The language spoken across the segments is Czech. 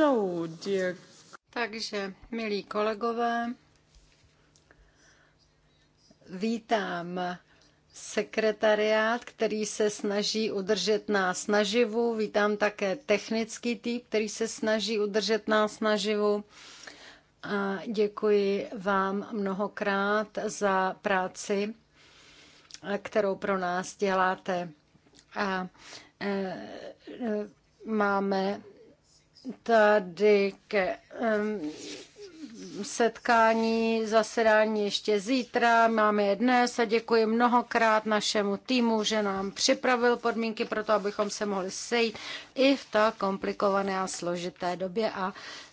So, dear... Takže, milí kolegové, vítám sekretariát, který se snaží udržet nás naživu. Vítám také technický tým, který se snaží udržet nás naživu. A děkuji vám mnohokrát za práci, kterou pro nás děláte. A, e, e máme tady ke um, setkání, zasedání ještě zítra, máme je dnes a děkuji mnohokrát našemu týmu, že nám připravil podmínky pro to, abychom se mohli sejít i v tak komplikované a složité době a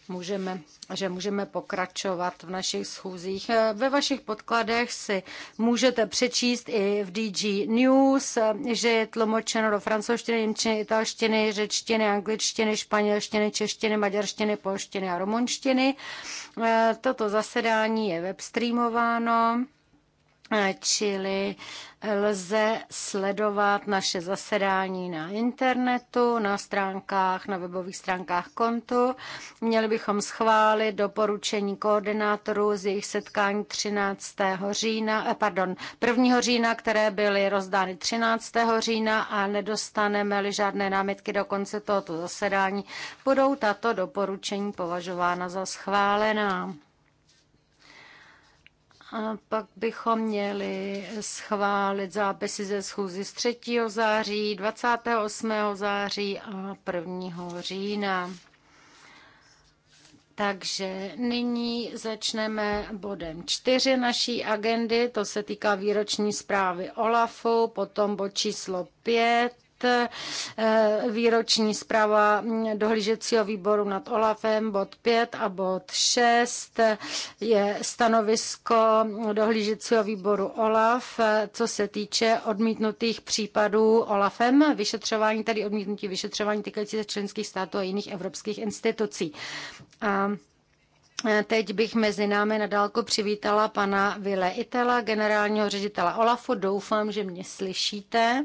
můžeme, že můžeme pokračovat v našich schůzích. Ve vašich podkladech si můžete přečíst i v DG News, že je tlumočeno do francouzštiny, němčiny, italštiny, řečtiny, angličtiny, španělštiny, češtiny, maďarštiny, polštiny a rumunštiny. Toto zasedání je webstreamováno Eh, čili eh, lze sledovat naše zasedání na internetu, na stránkách, na webových stránkách kontu. Měli bychom schválit doporučení koordinátorů z jejich setkání 13. října, eh, pardon, 1. října, které byly rozdány 13. října a nedostaneme-li žádné námitky do konce tohoto zasedání, budou tato doporučení považována za schválená. A pak bychom měli schválit zápisy ze schůzy z 3. září, 28. září a 1. října. Takže nyní začneme bodem 4 naší agendy, to se týká výroční zprávy OLAFu, potom bod číslo 5, Eh, výroční zpráva dohlížecího výboru nad OLAFem, bod 5 a bod 6 je stanovisko dohlížecího výboru OLAF, eh, co se týče odmítnutých případů OLAFem, vyšetřování, tedy odmítnutí vyšetřování týkající se členských států a jiných evropských institucí. A eh, Teď bych mezi námi nadálko přivítala pana Vile Itela, generálního ředitela OLAFu. Doufám, že mě slyšíte.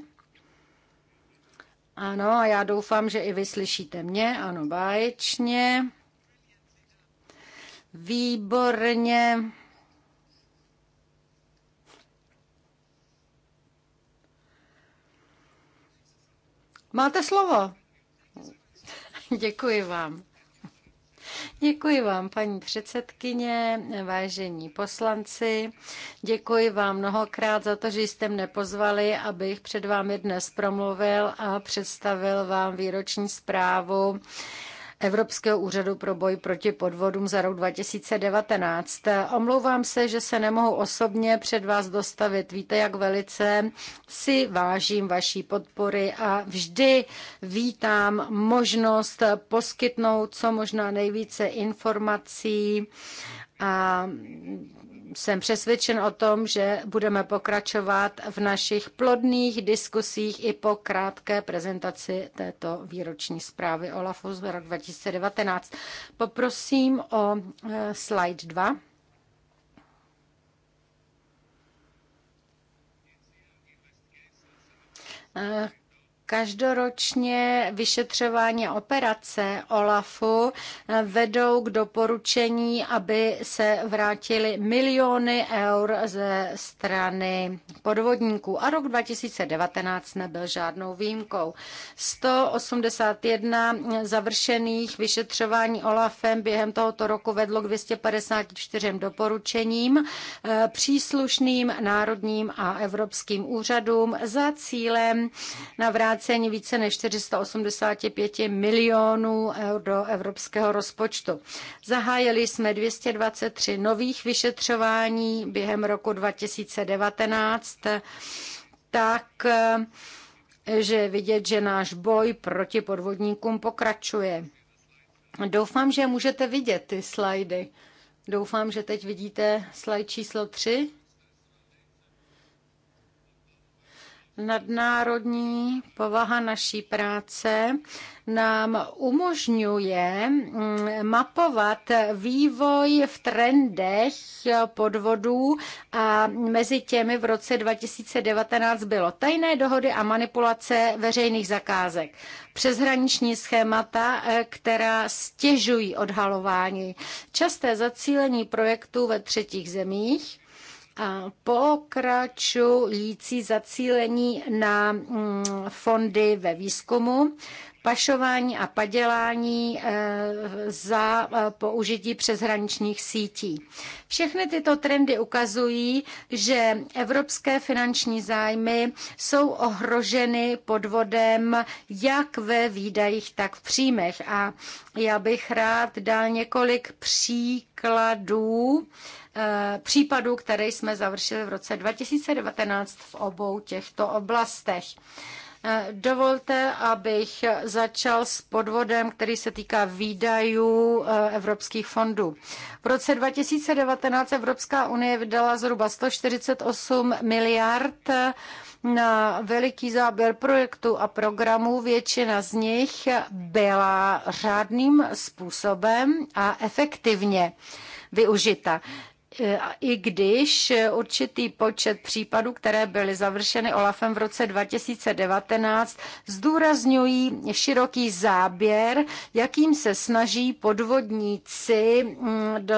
Ano, a já doufám, že i vy slyšíte mě. Ano, báječně. Výborně. Máte slovo. Děkuji vám. Děkuji vám, paní předsedkyně, vážení poslanci. Děkuji vám mnohokrát za to, že jste mne pozvali, abych před vámi dnes promluvil a představil vám výroční zprávu Evropského úřadu pro boj proti podvodům za rok 2019. Omlouvám se, že se nemohu osobně před vás dostavit. Víte, jak velice si vážím vaší podpory a vždy vítám možnost poskytnout co možná nejvíce informací a jsem přesvědčen o tom, že budeme pokračovat v našich plodných diskusích i po krátké prezentaci této výroční zprávy OLAFu z roku 2019. Poprosím o e, slide 2. Každoročně vyšetřování operace OLAFu eh, vedou k doporučení, aby se vrátili miliony eur ze strany podvodníků. A rok 2019 nebyl žádnou výjimkou. 181 završených vyšetřování OLAFem během tohoto roku vedlo k 254 doporučením eh, příslušným národním a evropským úřadům za cílem navrátit vracení více než 485 milionů eur do evropského rozpočtu. Zahájili jsme 223 nových vyšetřování během roku 2019, tak že je vidět, že náš boj proti podvodníkům pokračuje. Doufám, že můžete vidět ty slajdy. Doufám, že teď vidíte slide číslo 3. nadnárodní povaha naší práce nám umožňuje mm, mapovat vývoj v trendech podvodů a mezi těmi v roce 2019 bylo tajné dohody a manipulace veřejných zakázek, přeshraniční schémata, eh, která stěžují odhalování, časté zacílení projektů ve třetích zemích, pokračující zacílení na mm, fondy ve výzkumu, pašování a padělání eh, za eh, použití přeshraničních sítí. Všechny tyto trendy ukazují, že evropské finanční zájmy jsou ohroženy podvodem jak ve výdajích, tak v příjmech. A já bych rád dal několik příkladů, Eh, případů, které jsme završili v roce 2019 v obou těchto oblastech. Eh, dovolte, abych začal s podvodem, který se týká výdajů eh, evropských fondů. V roce 2019 Evropská unie vydala zhruba 148 miliard na veliký záběr projektů a programů. Většina z nich byla řádným způsobem a efektivně využita. E, i když e, určitý počet případů, které byly završeny Olafem v roce 2019, zdůrazňují široký záběr, jakým se snaží podvodníci mm, e,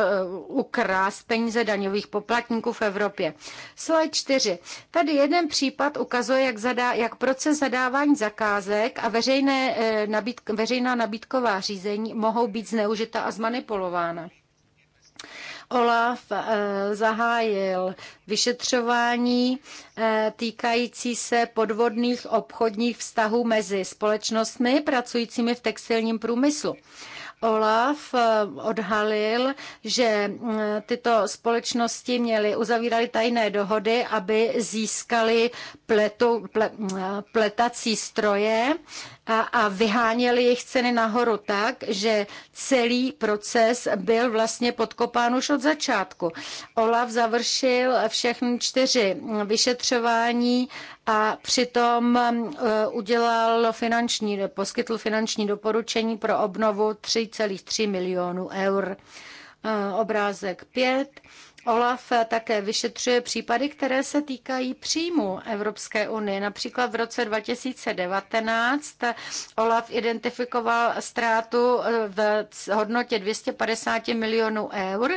ukrást peníze daňových poplatníků v Evropě. Slide 4. Tady jeden případ ukazuje, jak, zadá, jak proces zadávání zakázek a veřejné, nabídk, veřejná nabídková řízení mohou být zneužita a zmanipulována. Olaf eh, zahájil vyšetřování eh, týkající se podvodných obchodních vztahů mezi společnostmi pracujícími v textilním průmyslu. Olaf eh, odhalil, že tyto společnosti měly, uzavíraly tajné dohody, aby získali pletu, ple, pletací stroje a, a vyháněli jejich ceny nahoru tak, že celý proces byl vlastně podkopán už od začátku. Olaf završil všechny čtyři vyšetřování a přitom um, uh, udělal finanční, poskytl finanční doporučení pro obnovu 3,3 milionů eur. Uh, obrázek 5 Olaf také vyšetřuje případy, které se týkají příjmu Evropské unie. Například v roce 2019 Olaf identifikoval ztrátu v hodnotě 250 milionů eur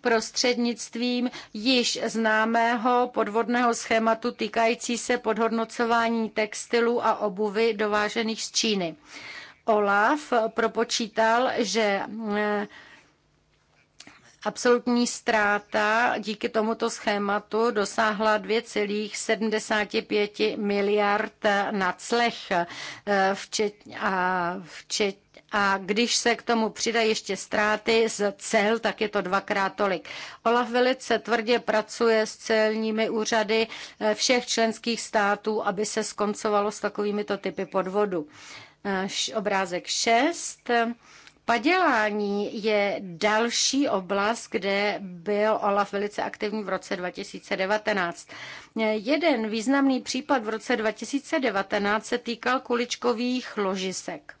prostřednictvím již známého podvodného schématu týkající se podhodnocování textilů a obuvy dovážených z Číny. Olaf propočítal, že Absolutní ztráta díky tomuto schématu dosáhla 2,75 miliard na clech, eh, včet, a, včet, a když se k tomu přidají ještě ztráty z cel, tak je to dvakrát tolik. Olaf velice tvrdě pracuje s celními úřady eh, všech členských států, aby se skoncovalo s takovýmito typy podvodu. Eh, obrázek 6 Padělání je další oblast, kde byl Olaf velice aktivní v roce 2019. Jeden významný případ v roce 2019 se týkal kuličkových ložisek.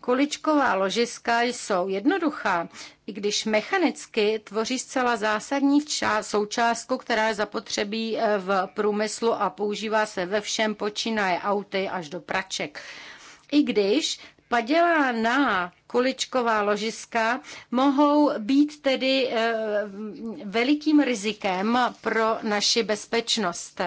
Kuličková ložiska jsou jednoduchá, i když mechanicky tvoří zcela zásadní součástku, která je zapotřebí eh, v průmyslu a používá se ve všem, počínaje auty až do praček. I když padělá na kuličková ložiska mohou být tedy eh, velikým rizikem pro naši bezpečnost.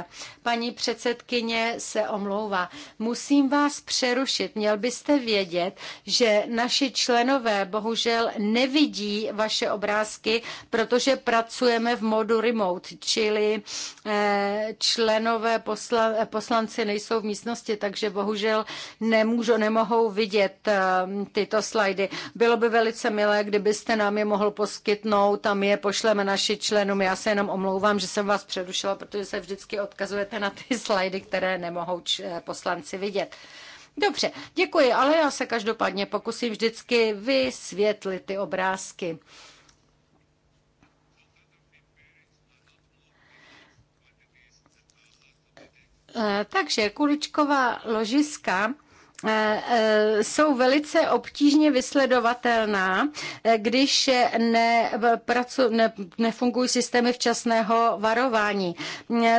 Paní předsedkyně se omlouvá. Musím vás přerušit. Měl byste vědět, že naši členové bohužel nevidí vaše obrázky, protože pracujeme v modu remote, čili eh, členové posla, poslanci nejsou v místnosti, takže bohužel nemůžu, nemohou vidět eh, tyto slajdy slajdy. Bylo by velice milé, kdybyste nám je mohl poskytnout, tam je pošleme naši členům. Já se jenom omlouvám, že jsem vás přerušila, protože se vždycky odkazujete na ty slajdy, které nemohou eh, poslanci vidět. Dobře, děkuji, ale já se každopádně pokusím vždycky vysvětlit ty obrázky. Eh, takže kuličková ložiska Eh, eh, jsou velice obtížně vysledovatelná, eh, když ne, pracu, ne, nefungují systémy včasného varování.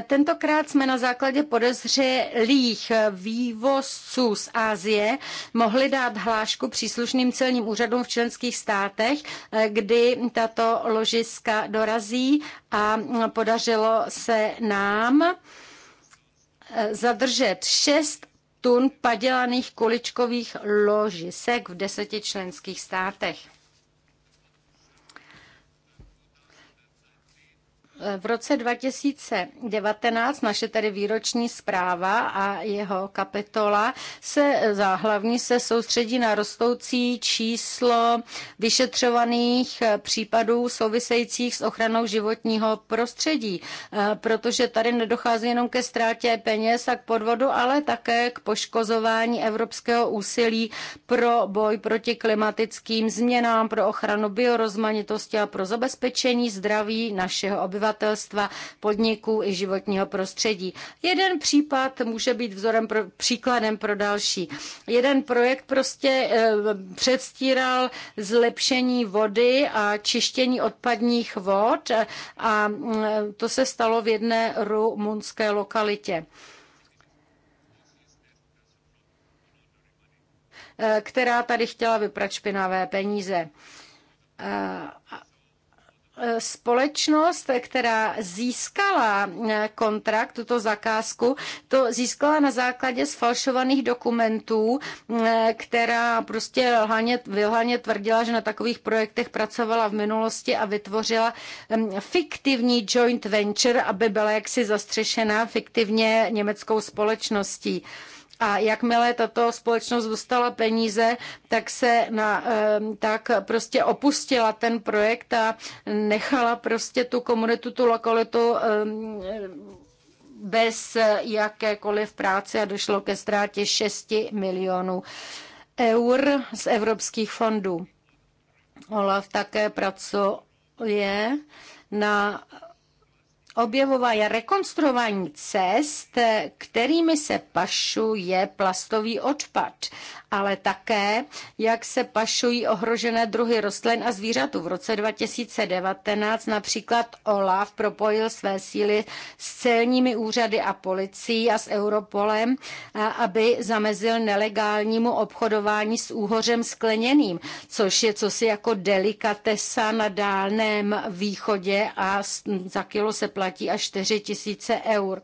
Tentokrát jsme na základě podezřelých vývozců z Ázie mohli dát hlášku příslušným celním úřadům v členských státech, kdy tato ložiska dorazí a podařilo se nám zadržet šest tun padělaných kuličkových ložisek v deseti členských státech. V roce 2019 naše tedy výroční zpráva a jeho kapitola se hlavní se soustředí na rostoucí číslo vyšetřovaných případů souvisejících s ochranou životního prostředí, eh, protože tady nedochází jenom ke ztrátě peněz a k podvodu, ale také k poškozování evropského úsilí pro boj proti klimatickým změnám, pro ochranu biorozmanitosti a pro zabezpečení zdraví našeho obyvatelstva obyvatelstva, podniků i životního prostředí. Jeden případ může být vzorem pro, příkladem pro další. Jeden projekt prostě eh, předstíral zlepšení vody a čištění odpadních vod eh, a mm, to se stalo v jedné rumunské lokalitě. Eh, která tady chtěla vyprat špinavé peníze společnost, která získala eh, kontrakt, tuto zakázku, to získala na základě sfalšovaných dokumentů, eh, která prostě lhaně, vylhaně tvrdila, že na takových projektech pracovala v minulosti a vytvořila fiktivní joint venture, aby byla jaksi zastřešena fiktivně německou společností. A jakmile tato společnost dostala peníze, tak se na, tak prostě opustila ten projekt a nechala prostě tu komunitu, tu lokalitu bez jakékoliv práce a došlo ke ztrátě 6 milionů eur z evropských fondů. Olaf také pracuje na objevování a rekonstruování cest, kterými se pašuje plastový odpad ale také, jak se pašují ohrožené druhy rostlin a zvířatů. V roce 2019 například OLAF propojil své síly s celními úřady a policií a s Europolem, aby zamezil nelegálnímu obchodování s úhořem skleněným, což je cosi jako delikatesa na Dálném východě a za kilo se platí až 4 tisíce eur.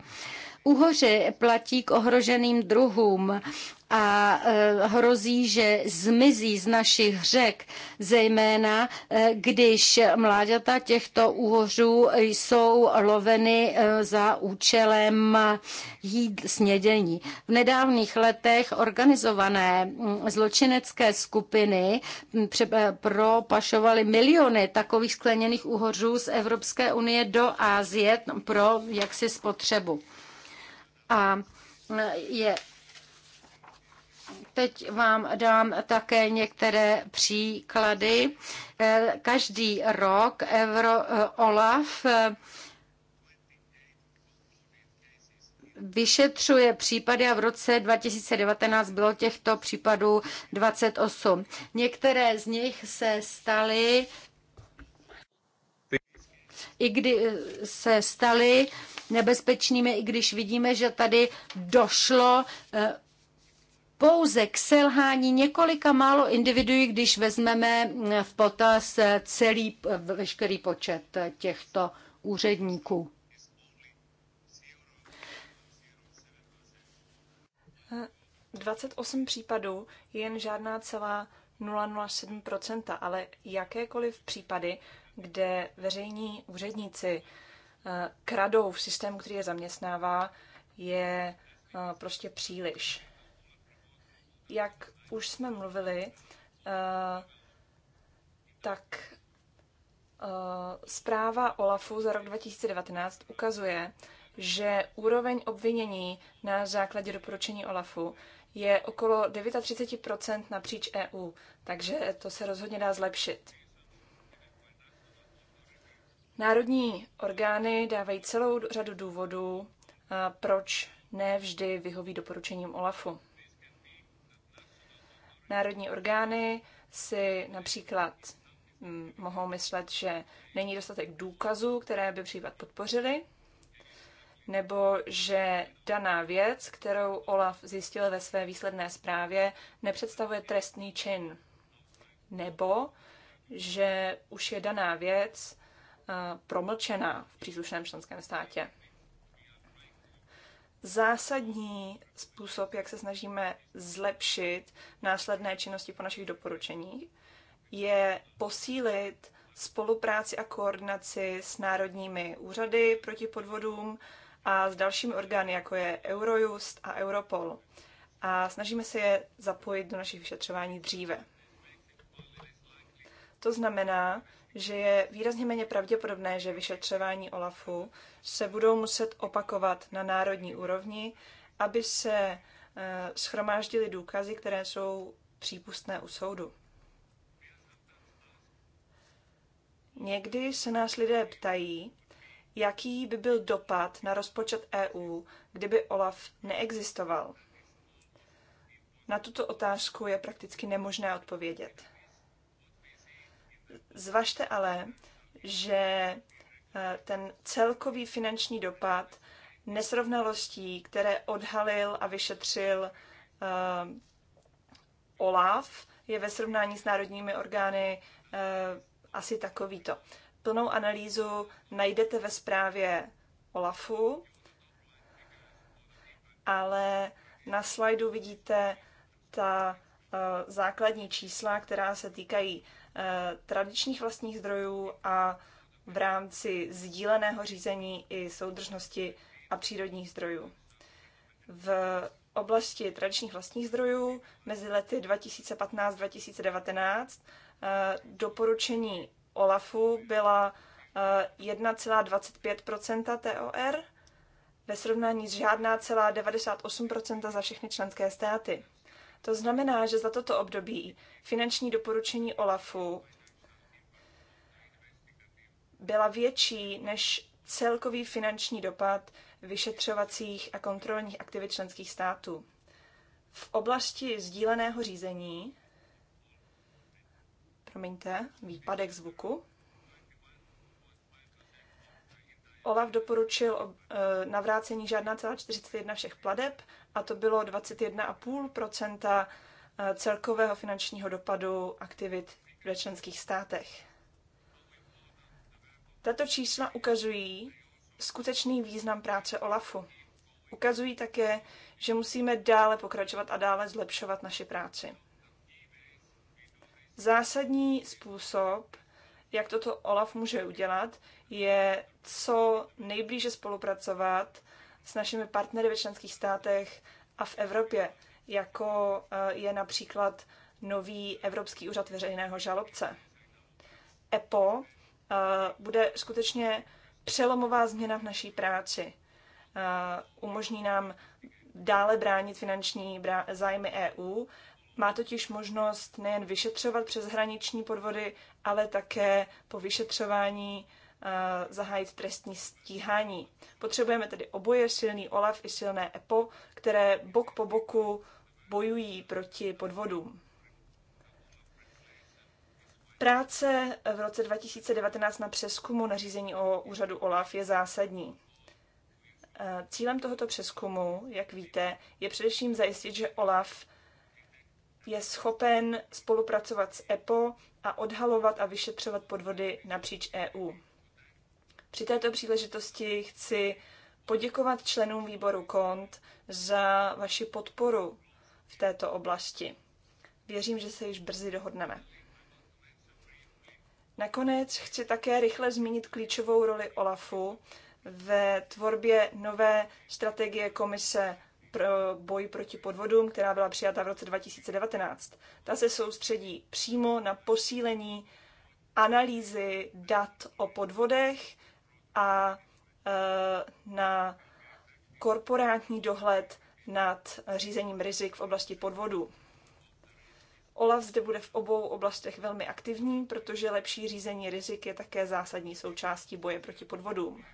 Uhoři platí k ohroženým druhům a e, hrozí, že zmizí z našich řek, zejména e, když mláďata těchto úhořů jsou loveny e, za účelem jíd snědění. V nedávných letech organizované mm, zločinecké skupiny mm, propašovaly miliony takových skleněných úhořů z Evropské unie do Ázie pro jaksi spotřebu. A je Teď vám dám také některé příklady. Každý rok Euro, OLAF eh, vyšetřuje případy a v roce 2019 bylo těchto případů 28. Některé z nich se staly i kdy eh, se staly nebezpečnými, i když vidíme, že tady došlo eh, pouze k selhání několika málo individuí, když vezmeme mm, v potaz eh, celý eh, veškerý počet eh, těchto úředníků. Uh. 28 případů je jen žádná celá 0,07%, ale jakékoliv případy, kde veřejní úředníci kradou v systému, který je zaměstnává, je prostě příliš. Jak už jsme mluvili, eh, tak eh, zpráva OLAFu za rok 2019 ukazuje, že úroveň obvinění na základě doporučení OLAFu je okolo 39% napříč EU, takže to se rozhodně dá zlepšit. Národní orgány dávají celou řadu důvodů, eh, proč ne vždy vyhoví doporučením OLAFu. Národní orgány si například mm, mohou myslet, že není dostatek důkazů, které by případ podpořili, nebo že daná věc, kterou Olaf zjistil ve své výsledné zprávě, nepředstavuje trestný čin, nebo že už je daná věc eh, promlčená v příslušném členském státě zásadní způsob, jak se snažíme zlepšit následné činnosti po našich doporučeních, je posílit spolupráci a koordinaci s národními úřady proti podvodům a s dalšími orgány, jako je Eurojust a Europol. A snažíme se je zapojit do našich vyšetřování dříve. To znamená, že je výrazně méně pravděpodobné, že vyšetřování OLAFu se budou muset opakovat na národní úrovni, aby se eh, schromáždily důkazy, které jsou přípustné u soudu. Někdy se nás lidé ptají, jaký by byl dopad na rozpočet EU, kdyby OLAF neexistoval. Na tuto otázku je prakticky nemožné odpovědět. Zvažte ale, že eh, ten celkový finanční dopad nesrovnalostí, které odhalil a vyšetřil eh, OLAF, je ve srovnání s národními orgány eh, asi takovýto. Plnou analýzu najdete ve zprávě OLAFu, ale na slajdu vidíte ta základní čísla, která se týkají Eh, tradičních vlastních zdrojů a v rámci sdíleného řízení i soudržnosti a přírodních zdrojů. V oblasti tradičních vlastních zdrojů mezi lety 2015-2019 eh, doporučení OLAFu byla 1,25 eh, TOR ve srovnání s žádná celá 98 za všechny členské státy. To znamená, že za toto období finanční doporučení OLAFu byla větší než celkový finanční dopad vyšetřovacích a kontrolních aktivit členských států. V oblasti sdíleného řízení, promiňte, výpadek zvuku, Olaf doporučil eh, navrácení žádná celá 41 všech pladeb a to bylo 21,5 eh, celkového finančního dopadu aktivit ve členských státech. Tato čísla ukazují skutečný význam práce OLAFu. Ukazují také, že musíme dále pokračovat a dále zlepšovat naši práci. Zásadní způsob, jak toto OLAF může udělat, je co nejblíže spolupracovat s našimi partnery ve členských státech a v Evropě, jako eh, je například nový Evropský úřad veřejného žalobce. EPO eh, bude skutečně přelomová změna v naší práci. Eh, umožní nám dále bránit finanční zájmy EU. Má totiž možnost nejen vyšetřovat přeshraniční podvody, ale také po vyšetřování Eh, zahájit trestní stíhání. Potřebujeme tedy oboje, silný OLAF i silné EPO, které bok po boku bojují proti podvodům. Práce v roce 2019 na přeskumu nařízení o úřadu OLAF je zásadní. Eh, cílem tohoto přeskumu, jak víte, je především zajistit, že OLAF je schopen spolupracovat s EPO a odhalovat a vyšetřovat podvody napříč EU. Při této příležitosti chci poděkovat členům výboru KONT za vaši podporu v této oblasti. Věřím, že se již brzy dohodneme. Nakonec chci také rychle zmínit klíčovou roli OLAFu ve tvorbě nové strategie komise pro boj proti podvodům, která byla přijata v roce 2019. Ta se soustředí přímo na posílení analýzy dat o podvodech, a e, na korporátní dohled nad řízením rizik v oblasti podvodu. OLAF zde bude v obou oblastech velmi aktivní, protože lepší řízení rizik je také zásadní součástí boje proti podvodům.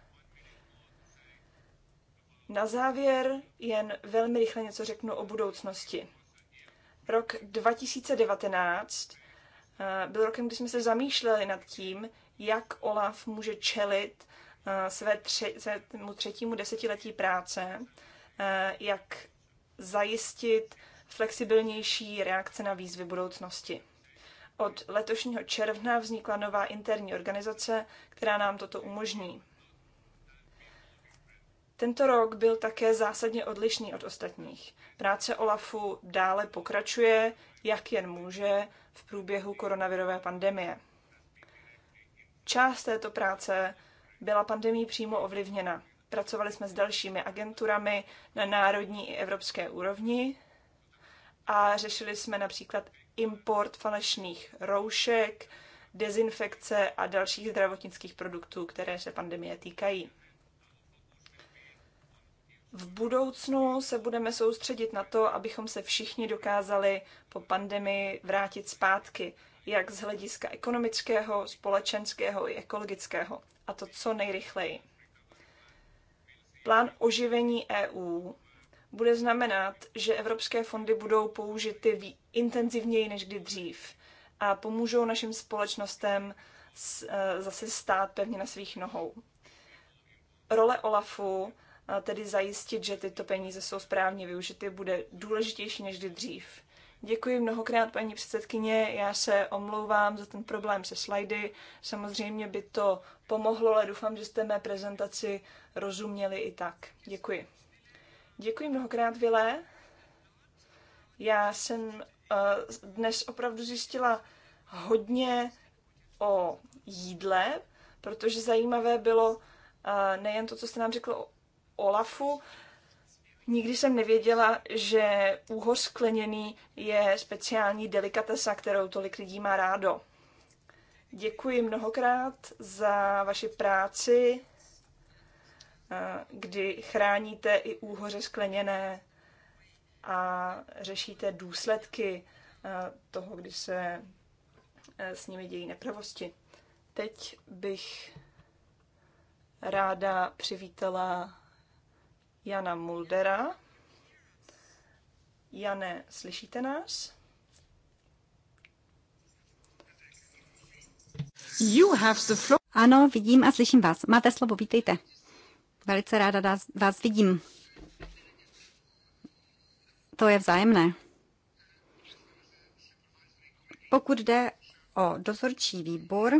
Na závěr jen velmi rychle něco řeknu o budoucnosti. Rok 2019 e, byl rokem, kdy jsme se zamýšleli nad tím, jak OLAF může čelit své tři, svému třetímu desetiletí práce, eh, jak zajistit flexibilnější reakce na výzvy budoucnosti. Od letošního června vznikla nová interní organizace, která nám toto umožní. Tento rok byl také zásadně odlišný od ostatních. Práce OLAFu dále pokračuje, jak jen může, v průběhu koronavirové pandemie. Část této práce byla pandemí přímo ovlivněna. Pracovali jsme s dalšími agenturami na národní i evropské úrovni a řešili jsme například import falešných roušek, dezinfekce a dalších zdravotnických produktů, které se pandemie týkají. V budoucnu se budeme soustředit na to, abychom se všichni dokázali po pandemii vrátit zpátky jak z hlediska ekonomického, společenského i ekologického, a to co nejrychleji. Plán oživení EU bude znamenat, že evropské fondy budou použity intenzivněji než kdy dřív a pomůžou našim společnostem e, zase stát pevně na svých nohou. Role OLAFu, e, tedy zajistit, že tyto peníze jsou správně využity, bude důležitější než kdy dřív. Děkuji mnohokrát, paní předsedkyně. Já se omlouvám za ten problém se slajdy. Samozřejmě by to pomohlo, ale doufám, že jste mé prezentaci rozuměli i tak. Děkuji. Děkuji mnohokrát, Vile. Já jsem eh, dnes opravdu zjistila hodně o jídle, protože zajímavé bylo eh, nejen to, co jste nám řekl o Olafu, Nikdy jsem nevěděla, že úhoř skleněný je speciální delikatesa, kterou tolik lidí má rádo. Děkuji mnohokrát za vaši práci, eh, kdy chráníte i úhoře skleněné a řešíte důsledky eh, toho, kdy se eh, s nimi dějí nepravosti. Teď bych ráda přivítala Jana Muldera. Jane, slyšíte nás? You have the floor. Ano, vidím a slyším vás. Máte slovo, vítejte. Velice ráda vás vidím. To je vzájemné. Pokud jde o dozorčí výbor,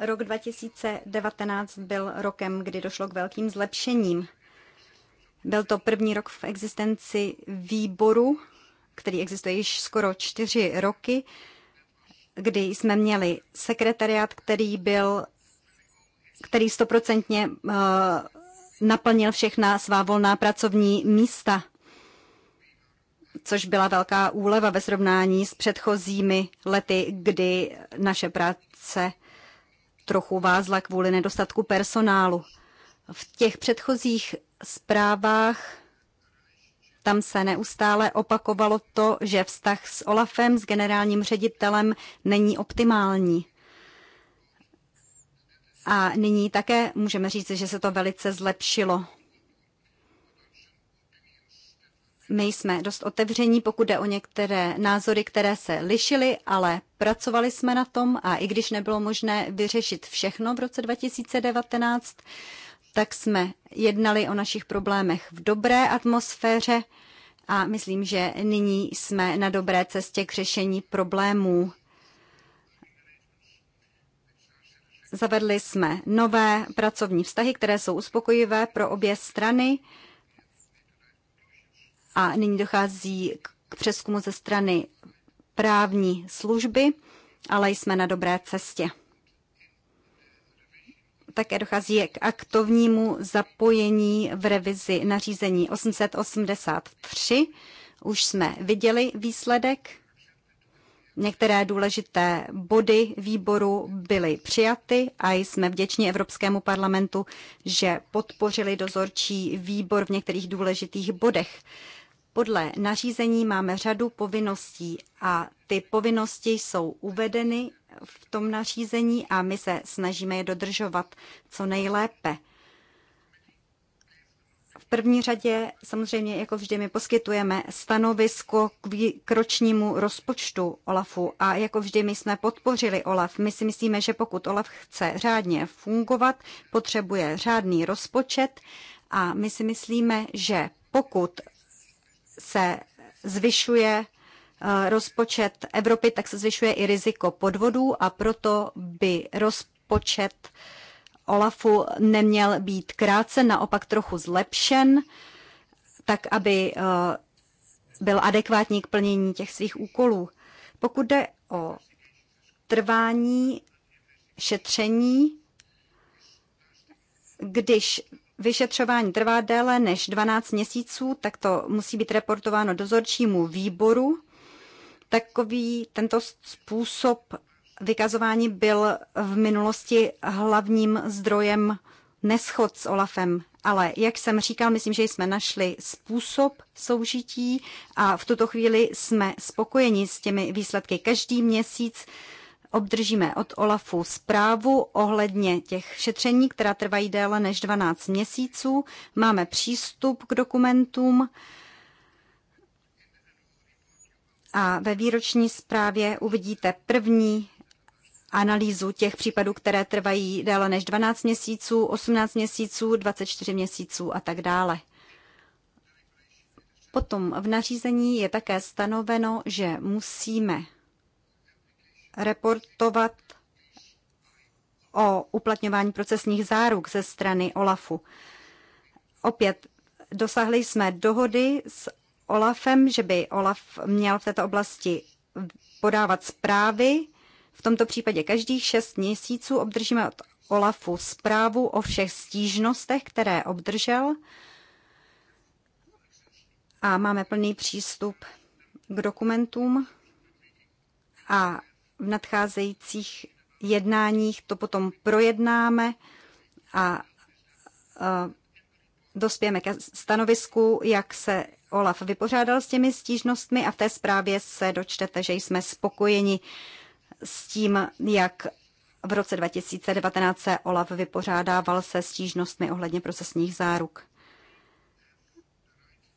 Rok 2019 byl rokem, kdy došlo k velkým zlepšením. Byl to první rok v existenci výboru, který existuje již skoro čtyři roky, kdy jsme měli sekretariát, který byl, který stoprocentně eh, naplnil všechna svá volná pracovní místa, což byla velká úleva ve srovnání s předchozími lety, kdy naše práce trochu vázla kvůli nedostatku personálu. V těch předchozích zprávách tam se neustále opakovalo to, že vztah s Olafem, s generálním ředitelem, není optimální. A nyní také můžeme říct, že se to velice zlepšilo. My jsme dost otevření, pokud jde o některé názory, které se lišily, ale pracovali jsme na tom a i když nebylo možné vyřešit všechno v roce 2019, tak jsme jednali o našich problémech v dobré atmosféře a myslím, že nyní jsme na dobré cestě k řešení problémů. Zavedli jsme nové pracovní vztahy, které jsou uspokojivé pro obě strany a nyní dochází k přeskumu ze strany právní služby, ale jsme na dobré cestě. Také dochází k aktovnímu zapojení v revizi nařízení 883. Už jsme viděli výsledek. Některé důležité body výboru byly přijaty a jsme vděční Evropskému parlamentu, že podpořili dozorčí výbor v některých důležitých bodech. Podle nařízení máme řadu povinností a ty povinnosti jsou uvedeny v tom nařízení a my se snažíme je dodržovat co nejlépe. V první řadě samozřejmě, jako vždy, my poskytujeme stanovisko k kročnímu rozpočtu OLAFu a jako vždy my jsme podpořili OLAF. My si myslíme, že pokud OLAF chce řádně fungovat, potřebuje řádný rozpočet a my si myslíme, že pokud se zvyšuje eh, rozpočet Evropy, tak se zvyšuje i riziko podvodů a proto by rozpočet Olafu neměl být krácen, naopak trochu zlepšen, tak aby eh, byl adekvátní k plnění těch svých úkolů. Pokud jde o trvání šetření, když vyšetřování trvá déle než 12 měsíců, tak to musí být reportováno dozorčímu výboru. Takový tento způsob vykazování byl v minulosti hlavním zdrojem neschod s Olafem, ale jak jsem říkal, myslím, že jsme našli způsob soužití a v tuto chvíli jsme spokojeni s těmi výsledky. Každý měsíc obdržíme od OLAFu zprávu ohledně těch šetření, která trvají déle než 12 měsíců. Máme přístup k dokumentům a ve výroční zprávě uvidíte první analýzu těch případů, které trvají déle než 12 měsíců, 18 měsíců, 24 měsíců a tak dále. Potom v nařízení je také stanoveno, že musíme reportovat o uplatňování procesních záruk ze strany OLAFu. Opět dosáhli jsme dohody s OLAFem, že by OLAF měl v této oblasti podávat zprávy. V tomto případě každých šest měsíců obdržíme od OLAFu zprávu o všech stížnostech, které obdržel a máme plný přístup k dokumentům a v nadcházejících jednáních to potom projednáme a dospějeme ke stanovisku, jak se Olaf vypořádal s těmi stížnostmi a v té zprávě se dočtete, že jsme spokojeni s tím, jak v roce 2019 se Olaf vypořádával se stížnostmi ohledně procesních záruk.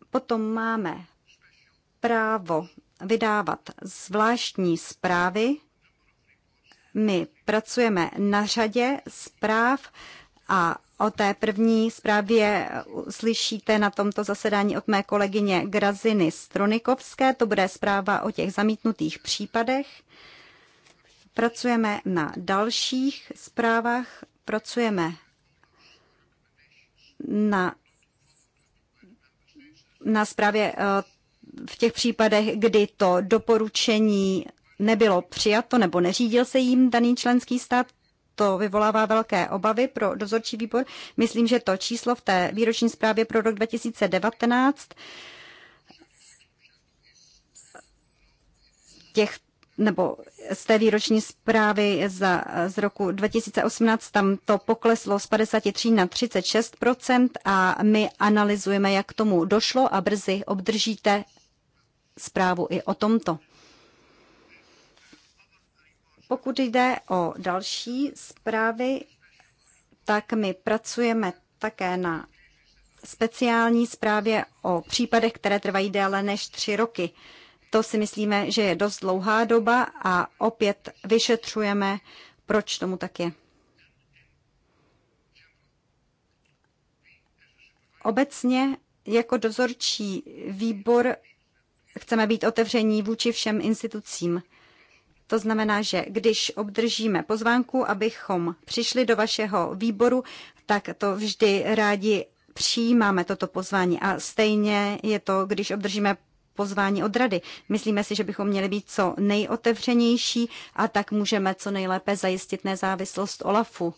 Potom máme právo vydávat zvláštní zprávy my pracujeme na řadě zpráv a o té první zprávě slyšíte na tomto zasedání od mé kolegyně Graziny Stronikovské. To bude zpráva o těch zamítnutých případech. Pracujeme na dalších zprávách, pracujeme na, na zprávě eh, v těch případech, kdy to doporučení nebylo přijato nebo neřídil se jim daný členský stát, to vyvolává velké obavy pro dozorčí výbor. Myslím, že to číslo v té výroční zprávě pro rok 2019 těch nebo z té výroční zprávy za, z roku 2018 tam to pokleslo z 53 na 36 a my analyzujeme, jak tomu došlo a brzy obdržíte zprávu i o tomto. Pokud jde o další zprávy, tak my pracujeme také na speciální zprávě o případech, které trvají déle než tři roky. To si myslíme, že je dost dlouhá doba a opět vyšetřujeme, proč tomu tak je. Obecně jako dozorčí výbor chceme být otevření vůči všem institucím. To znamená, že když obdržíme pozvánku, abychom přišli do vašeho výboru, tak to vždy rádi přijímáme toto pozvání. A stejně je to, když obdržíme pozvání od rady. Myslíme si, že bychom měli být co nejotevřenější a tak můžeme co nejlépe zajistit nezávislost OLAFu.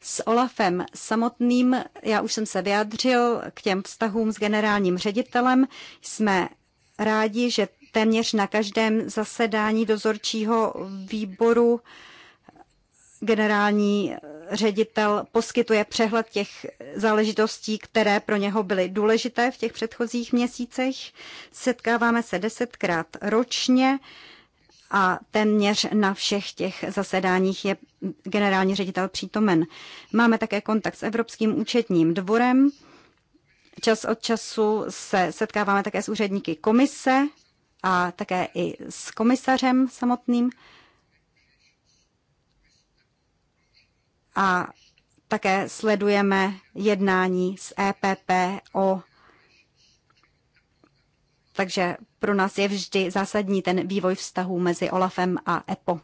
S OLAFem samotným, já už jsem se vyjádřil k těm vztahům s generálním ředitelem, jsme rádi, že téměř na každém zasedání dozorčího výboru generální ředitel poskytuje přehled těch záležitostí, které pro něho byly důležité v těch předchozích měsících. Setkáváme se desetkrát ročně a téměř na všech těch zasedáních je generální ředitel přítomen. Máme také kontakt s Evropským účetním dvorem. Čas od času se setkáváme také s úředníky komise a také i s komisařem samotným. A také sledujeme jednání s EPP o, Takže pro nás je vždy zásadní ten vývoj vztahů mezi OLAFem a EPO.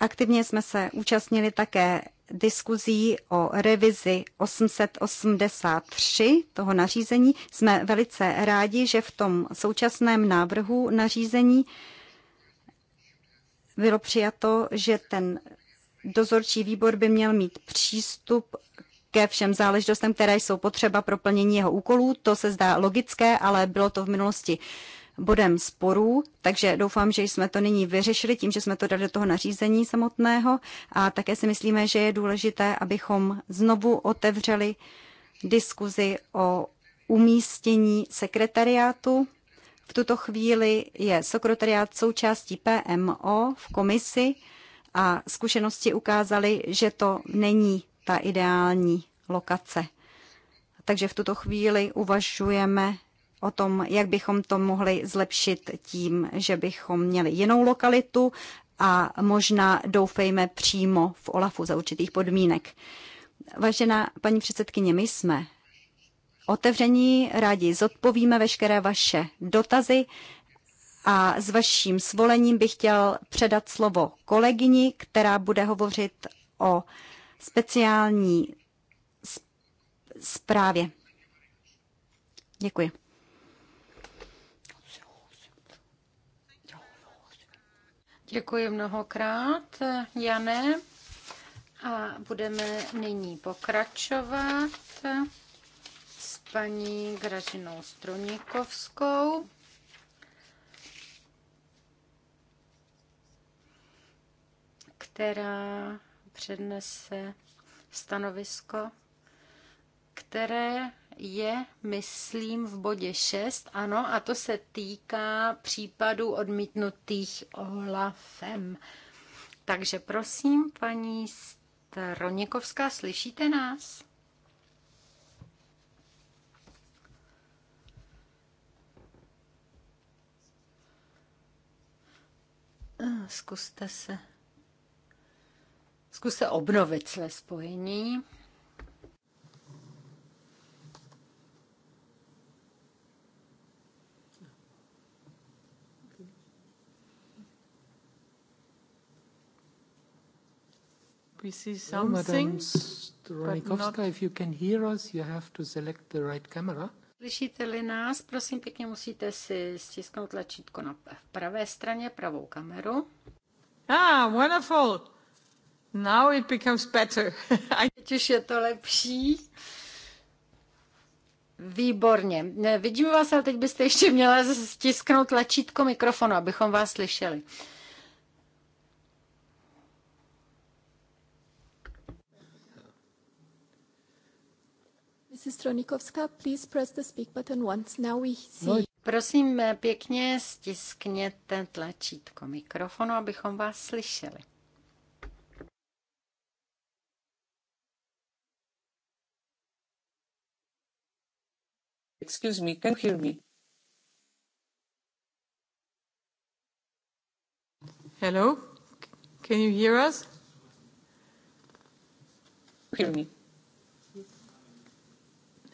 Aktivně jsme se účastnili také diskuzí o revizi 883 toho nařízení jsme velice rádi, že v tom současném návrhu nařízení bylo přijato, že ten dozorčí výbor by měl mít přístup ke všem záležitostem, které jsou potřeba pro plnění jeho úkolů. To se zdá logické, ale bylo to v minulosti bodem sporů, takže doufám, že jsme to nyní vyřešili tím, že jsme to dali do toho nařízení samotného a také si myslíme, že je důležité, abychom znovu otevřeli diskuzi o umístění sekretariátu. V tuto chvíli je sekretariát součástí PMO v komisi a zkušenosti ukázaly, že to není ta ideální lokace. Takže v tuto chvíli uvažujeme o tom, jak bychom to mohli zlepšit tím, že bychom měli jinou lokalitu a možná doufejme přímo v OLAFu za určitých podmínek. Vážená paní předsedkyně, my jsme otevření, rádi zodpovíme veškeré vaše dotazy a s vaším svolením bych chtěl předat slovo kolegyni, která bude hovořit o speciální zprávě. Děkuji. Děkuji mnohokrát, Jane. A budeme nyní pokračovat s paní Gražinou Stroníkovskou. která přednese stanovisko, které je, myslím, v bodě 6, ano, a to se týká případů odmítnutých Olafem. Takže prosím, paní Staroněkovská, slyšíte nás? Zkuste se. Zkuste obnovit své spojení. We see oh, something, if you can hear us, you have to select the right camera. Slyšíte-li nás, prosím pěkně musíte si stisknout tlačítko na pravé straně, pravou kameru. Ah, wonderful. Now it becomes better. Teď už je to lepší. Výborně. Vidíme vás, ale teď byste ještě měla stisknout tlačítko mikrofonu, abychom vás slyšeli. Uh, Prosím, eh, pěkně stiskněte tlačítko mikrofonu, abychom vás slyšeli. Excuse me, can you hear me? Hello, can you hear us? Hear me.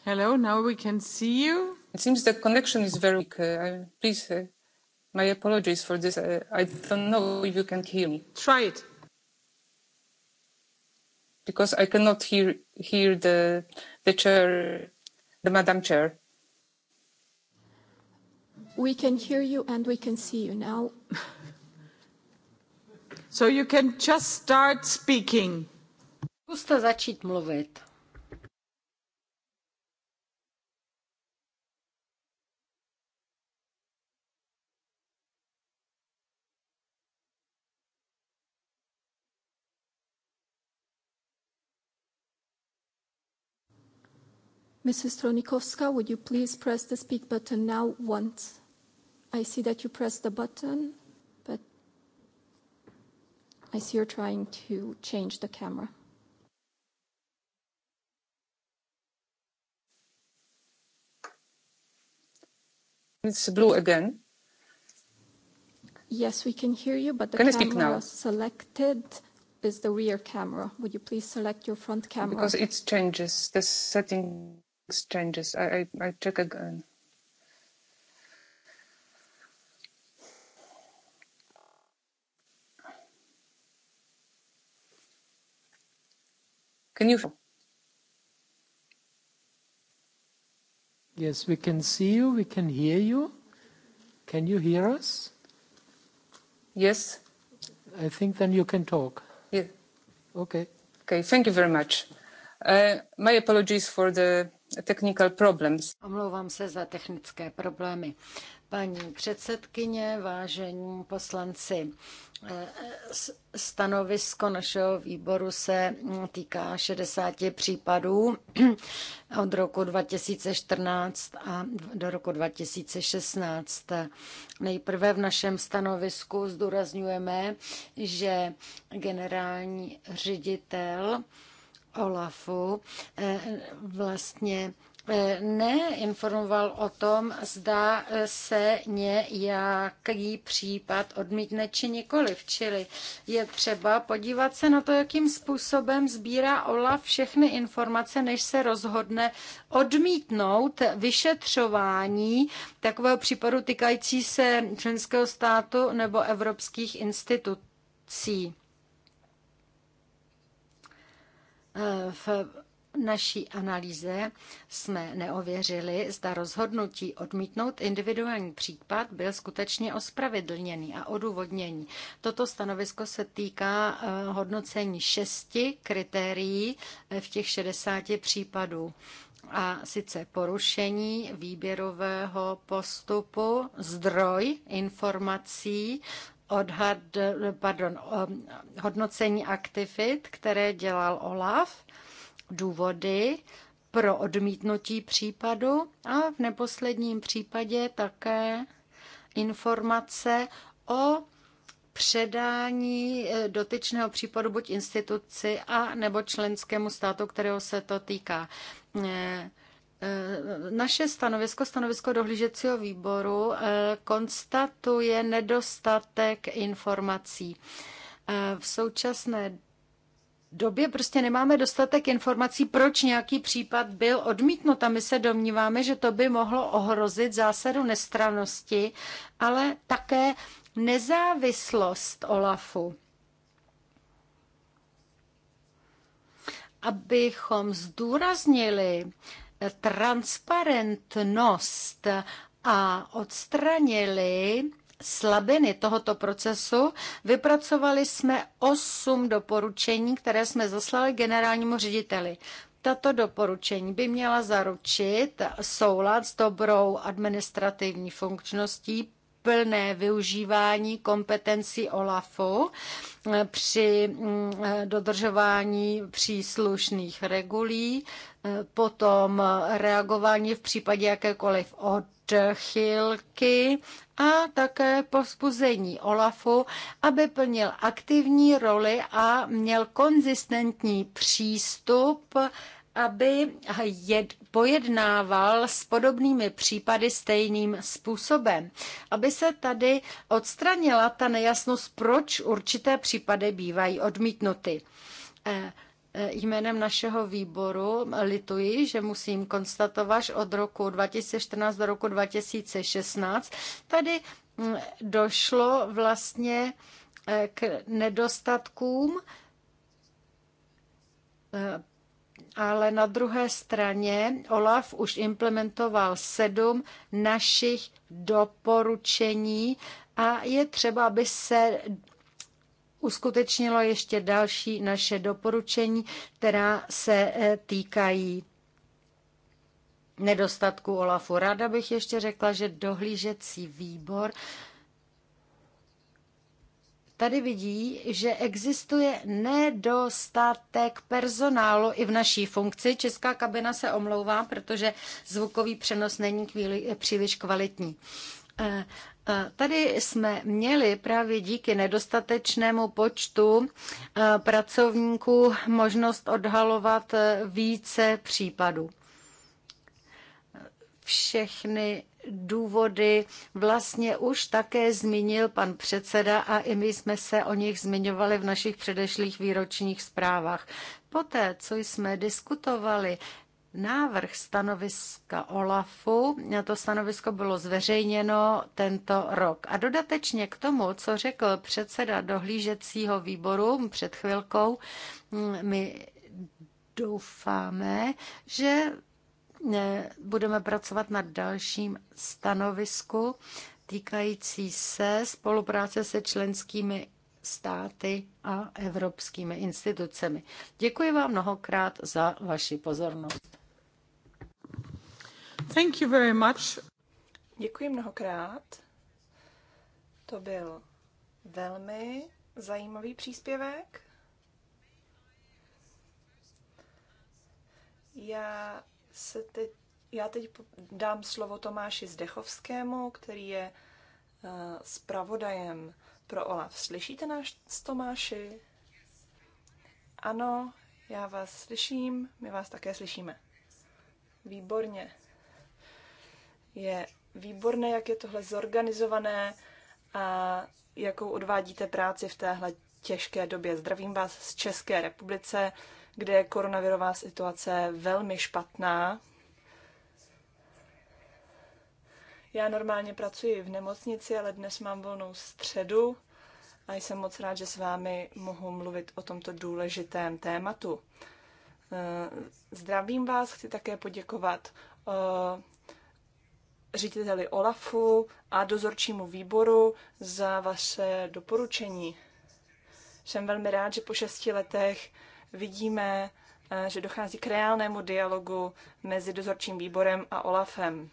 Hello, now we can see you. It seems the connection is very weak. Uh, please, uh, my apologies for this. Uh, I don't know if you can hear me. Try it. Because I cannot hear hear the the chair, the madam chair. We can hear you and we can see you now. so you can just start speaking. Zkuste začít mluvit. Mrs. Tronikovska, would you please press the speak button now once? I see that you pressed the button, but I see you're trying to change the camera. It's blue again. Yes, we can hear you, but the can I speak camera selected is the rear camera. Would you please select your front camera? Because it changes the setting exchanges. I, I, I check again. Can you? Yes, we can see you, we can hear you. Can you hear us? Yes. I think then you can talk. Yeah. Okay. Okay, thank you very much. Uh, my apologies for the technical problems. Omlouvám se za technické problémy. Paní předsedkyně, vážení poslanci, eh, Stanovisko našeho výboru se týká 60 případů od roku 2014 a do roku 2016. Nejprve v našem stanovisku zdůrazňujeme, že generální ředitel Olafu eh, vlastně eh, neinformoval o tom, zda eh, se nějaký případ odmítne či nikoliv. Čili je třeba podívat se na to, jakým způsobem sbírá OLAF všechny informace, než se rozhodne odmítnout vyšetřování takového případu týkající se členského státu nebo evropských institucí. Eh, v naší analýze jsme neověřili, zda rozhodnutí odmítnout individuální případ byl skutečně ospravedlněný a odůvodněný. Toto stanovisko se týká eh, hodnocení šesti kritérií eh, v těch 60 případů a sice porušení výběrového postupu, zdroj informací, odhad, pardon, um, hodnocení aktivit, které dělal OLAF, důvody pro odmítnutí případu a v neposledním případě také informace o předání eh, dotyčného případu buď instituci a nebo členskému státu, kterého se to týká. Eh, Eh, naše stanovisko, stanovisko dohlížecího výboru, eh, konstatuje nedostatek informací. Eh, v současné době prostě nemáme dostatek informací, proč nějaký případ byl odmítnut a my se domníváme, že to by mohlo ohrozit zásadu nestranosti, ale také nezávislost OLAFu. Abychom zdůraznili, transparentnost a odstranili slabiny tohoto procesu. Vypracovali jsme osm doporučení, které jsme zaslali generálnímu řediteli. Tato doporučení by měla zaručit soulad s dobrou administrativní funkčností plné využívání kompetencí OLAFu eh, při mm, dodržování příslušných regulí, eh, potom reagování v případě jakékoliv odchylky a také povzbuzení Olafu, aby plnil aktivní roli a měl konzistentní přístup aby jed, pojednával s podobnými případy stejným způsobem. Aby se tady odstranila ta nejasnost, proč určité případy bývají odmítnuty. E, e, jménem našeho výboru lituji, že musím konstatovat, že od roku 2014 do roku 2016 tady mm, došlo vlastně e, k nedostatkům ale na druhé straně Olaf už implementoval sedm našich doporučení a je třeba, aby se uskutečnilo ještě další naše doporučení, která se eh, týkají nedostatku Olafu. Ráda bych ještě řekla, že dohlížecí výbor tady vidí, že existuje nedostatek personálu i v naší funkci. Česká kabina se omlouvá, protože zvukový přenos není kvíli, příliš kvalitní. Eh, eh, tady jsme měli právě díky nedostatečnému počtu eh, pracovníků možnost odhalovat více případů. Všechny důvody vlastně už také zmínil pan předseda a i my jsme se o nich zmiňovali v našich předešlých výročních zprávách. Poté, co jsme diskutovali návrh stanoviska OLAFu, to stanovisko bylo zveřejněno tento rok. A dodatečně k tomu, co řekl předseda dohlížecího výboru před chvilkou, mm, my doufáme, že budeme pracovat na dalším stanovisku týkající se spolupráce se členskými státy a evropskými institucemi. Děkuji vám mnohokrát za vaši pozornost. Thank you very much. Děkuji mnohokrát. To byl velmi zajímavý příspěvek. Já se teď, já teď dám slovo Tomáši Zdechovskému, který je eh, zpravodajem pro OLAF. Slyšíte nás, Tomáši? Ano, já vás slyším, my vás také slyšíme. Výborně. Je výborné, jak je tohle zorganizované a jakou odvádíte práci v téhle těžké době. Zdravím vás z České republice kde koronavirová situace velmi špatná. Já normálně pracuji v nemocnici, ale dnes mám volnou středu a jsem moc rád, že s vámi mohu mluvit o tomto důležitém tématu. Eh, zdravím vás, chci také poděkovat eh, řediteli OLAFu a dozorčímu výboru za vaše doporučení. Jsem velmi rád, že po šesti letech vidíme, eh, že dochází k reálnému dialogu mezi dozorčím výborem a OLAFem.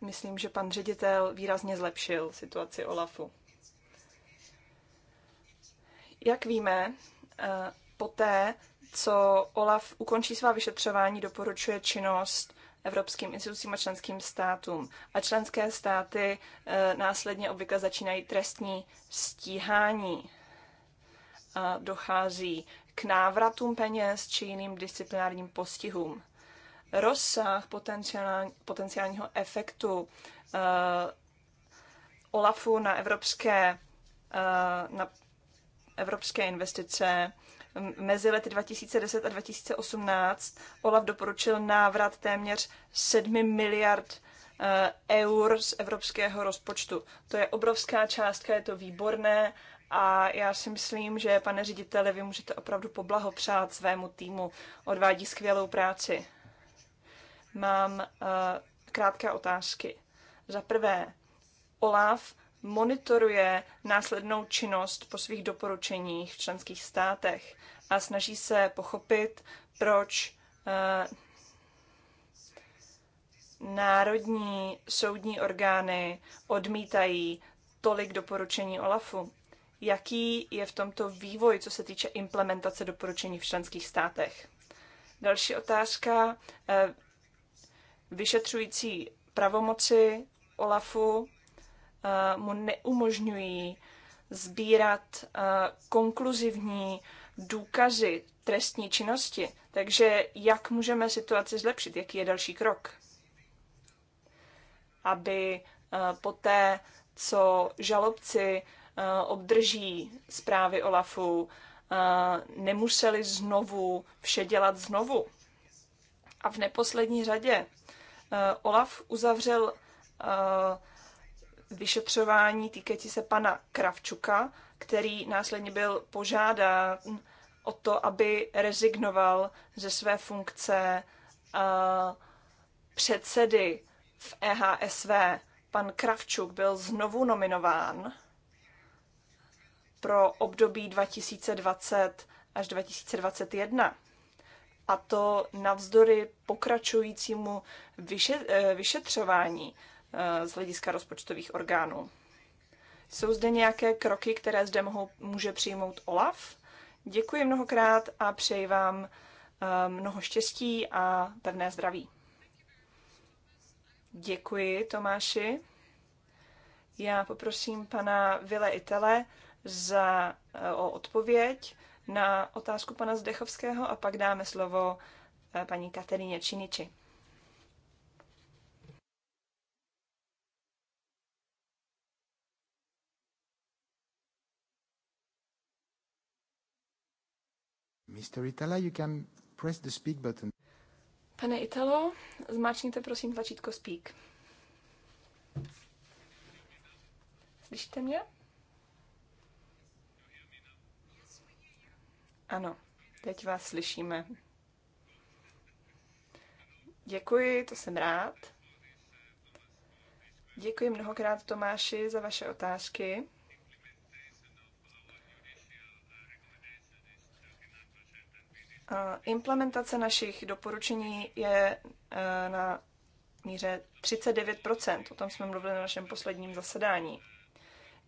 Myslím, že pan ředitel výrazně zlepšil situaci OLAFu. Jak víme, eh, poté, co OLAF ukončí svá vyšetřování, doporučuje činnost evropským institucím a členským státům. A členské státy eh, následně obvykle začínají trestní stíhání dochází k návratům peněz či jiným disciplinárním postihům. Rozsah potenciálního efektu eh, OLAFu na evropské, eh, na evropské investice mezi lety 2010 a 2018 OLAF doporučil návrat téměř 7 miliard eh, eur z evropského rozpočtu. To je obrovská částka, je to výborné a já si myslím, že, pane řediteli, vy můžete opravdu poblahopřát svému týmu. Odvádí skvělou práci. Mám uh, krátké otázky. Za prvé, OLAF monitoruje následnou činnost po svých doporučeních v členských státech a snaží se pochopit, proč uh, národní soudní orgány odmítají tolik doporučení OLAFu jaký je v tomto vývoj, co se týče implementace doporučení v členských státech. Další otázka. Eh, vyšetřující pravomoci OLAFu eh, mu neumožňují sbírat eh, konkluzivní důkazy trestní činnosti. Takže jak můžeme situaci zlepšit? Jaký je další krok? Aby poté, co žalobci Eh, obdrží zprávy OLAFu, eh, nemuseli znovu vše dělat znovu. A v neposlední řadě eh, OLAF uzavřel vyšetřování týkající se pana Kravčuka, který následně byl požádán o to, aby rezignoval ze své funkce předsedy v EHSV. Pan Kravčuk byl znovu nominován pro období 2020 až 2021. A to navzdory pokračujícímu eh, vyšetřování eh, z hlediska rozpočtových orgánů. Jsou zde nějaké kroky, které zde mohou, může přijmout OLAF? Děkuji mnohokrát a přeji vám eh, mnoho štěstí a pevné zdraví. Děkuji, Tomáši. Já poprosím pana Vile Itele, za, eh, o odpověď na otázku pana Zdechovského a pak dáme slovo eh, paní Kateríně Činiči. Mr. Itala, you can press the speak button. Pane Italo, zmáčkněte prosím tlačítko speak. Slyšíte mě? Ano, teď vás slyšíme. Děkuji, to jsem rád. Děkuji mnohokrát Tomáši za vaše otázky. Eh, implementace našich doporučení je eh, na míře 39 O tom jsme mluvili na našem posledním zasedání.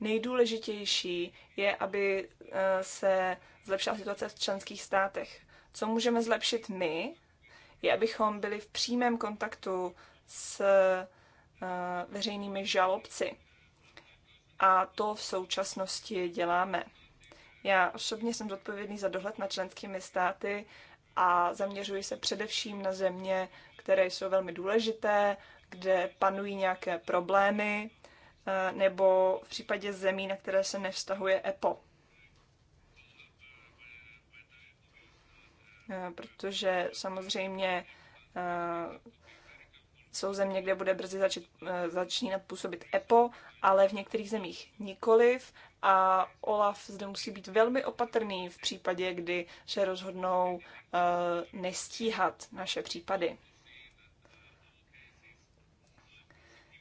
Nejdůležitější je, aby eh, se zlepšila situace v členských státech. Co můžeme zlepšit my, je, abychom byli v přímém kontaktu s eh, veřejnými žalobci. A to v současnosti děláme. Já osobně jsem zodpovědný za dohled na členskými státy a zaměřuji se především na země, které jsou velmi důležité, kde panují nějaké problémy Eh, nebo v případě zemí, na které se nevztahuje EPO. Eh, protože samozřejmě eh, jsou země, kde bude brzy začít, začínat působit EPO, ale v některých zemích nikoliv a OLAF zde musí být velmi opatrný v případě, kdy se rozhodnou nestíhat naše případy.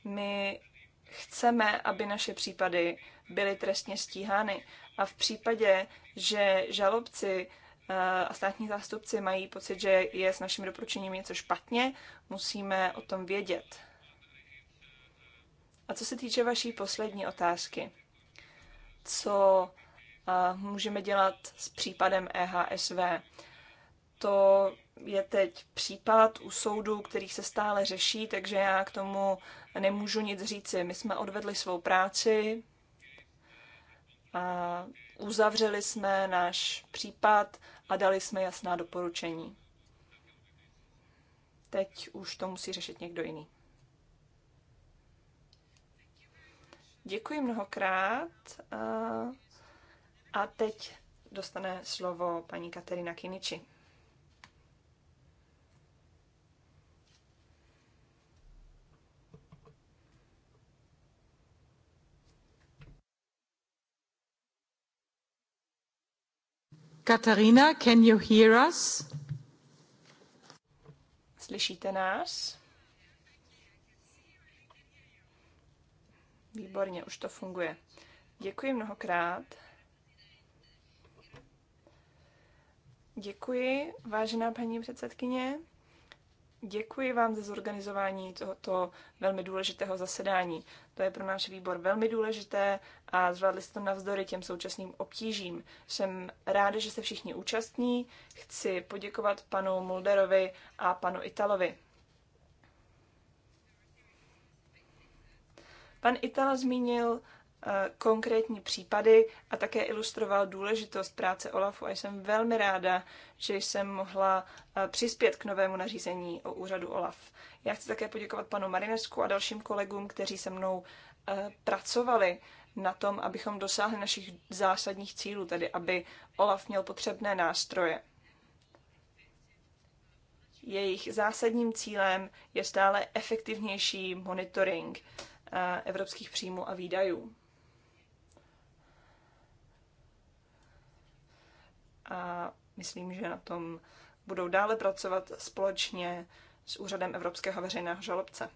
My Chceme, aby naše případy byly trestně stíhány. A v případě, že žalobci eh, a státní zástupci mají pocit, že je s naším doporučením něco špatně, musíme o tom vědět. A co se týče vaší poslední otázky, co eh, můžeme dělat s případem EHSV? To je teď případ u soudu, který se stále řeší, takže já k tomu nemůžu nic říci. My jsme odvedli svou práci a uzavřeli jsme náš případ a dali jsme jasná doporučení. Teď už to musí řešit někdo jiný. Děkuji mnohokrát. A teď dostane slovo paní Katerina Kiniči. Katarina, can you hear us? Slyšíte nás? Výborně, už to funguje. Děkuji mnohokrát. Děkuji, vážená paní předsedkyně. Děkuji vám za zorganizování tohoto velmi důležitého zasedání. To je pro náš výbor velmi důležité a zvládli jste to navzdory těm současným obtížím. Jsem ráda, že se všichni účastní. Chci poděkovat panu Mulderovi a panu Italovi. Pan Ital zmínil eh, konkrétní případy a také ilustroval důležitost práce OLAFu a jsem velmi ráda, že jsem mohla eh, přispět k novému nařízení o úřadu OLAF. Já chci také poděkovat panu Marinesku a dalším kolegům, kteří se mnou eh, pracovali na tom, abychom dosáhli našich zásadních cílů, tedy aby OLAF měl potřebné nástroje. Jejich zásadním cílem je stále efektivnější monitoring eh, evropských příjmů a výdajů. A myslím, že na tom budou dále pracovat společně s úřadem Evropského veřejného žalobce.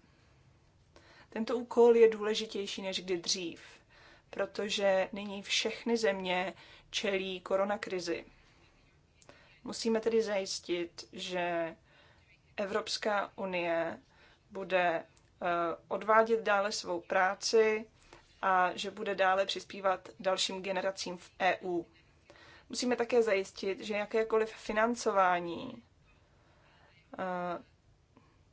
Tento úkol je důležitější než kdy dřív, protože nyní všechny země čelí koronakrizi. Musíme tedy zajistit, že Evropská unie bude eh, odvádět dále svou práci a že bude dále přispívat dalším generacím v EU. Musíme také zajistit, že jakékoliv financování eh,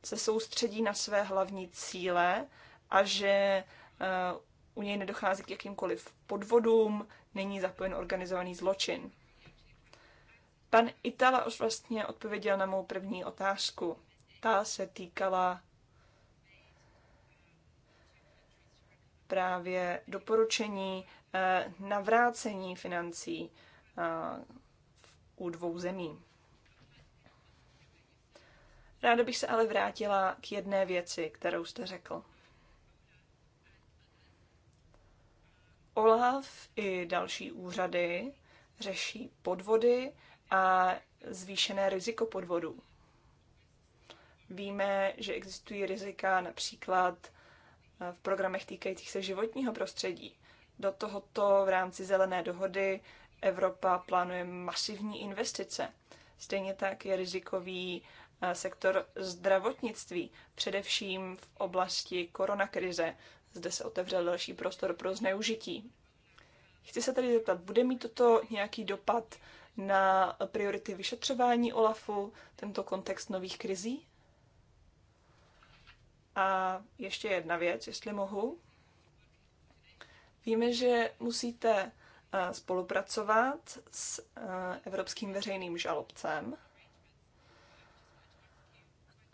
se soustředí na své hlavní cíle a že e, u něj nedochází k jakýmkoliv podvodům, není zapojen organizovaný zločin. Pan Itala už vlastně odpověděl na mou první otázku. Ta se týkala právě doporučení e, navrácení financí e, u dvou zemí. Ráda bych se ale vrátila k jedné věci, kterou jste řekl. OLAF i další úřady řeší podvody a zvýšené riziko podvodů. Víme, že existují rizika například eh, v programech týkajících se životního prostředí. Do tohoto v rámci zelené dohody Evropa plánuje masivní investice. Stejně tak je rizikový Eh, sektor zdravotnictví, především v oblasti koronakrize. Zde se otevřel další prostor pro zneužití. Chci se tedy zeptat, bude mít toto nějaký dopad na priority vyšetřování OLAFu, tento kontext nových krizí? A ještě jedna věc, jestli mohu. Víme, že musíte eh, spolupracovat s eh, Evropským veřejným žalobcem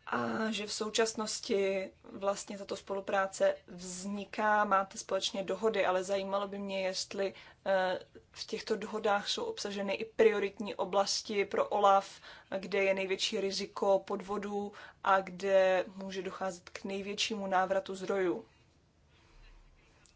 a že v současnosti vlastně tato spolupráce vzniká, máte společně dohody, ale zajímalo by mě, jestli eh, v těchto dohodách jsou obsaženy i prioritní oblasti pro OLAF, kde je největší riziko podvodů a kde může docházet k největšímu návratu zdrojů.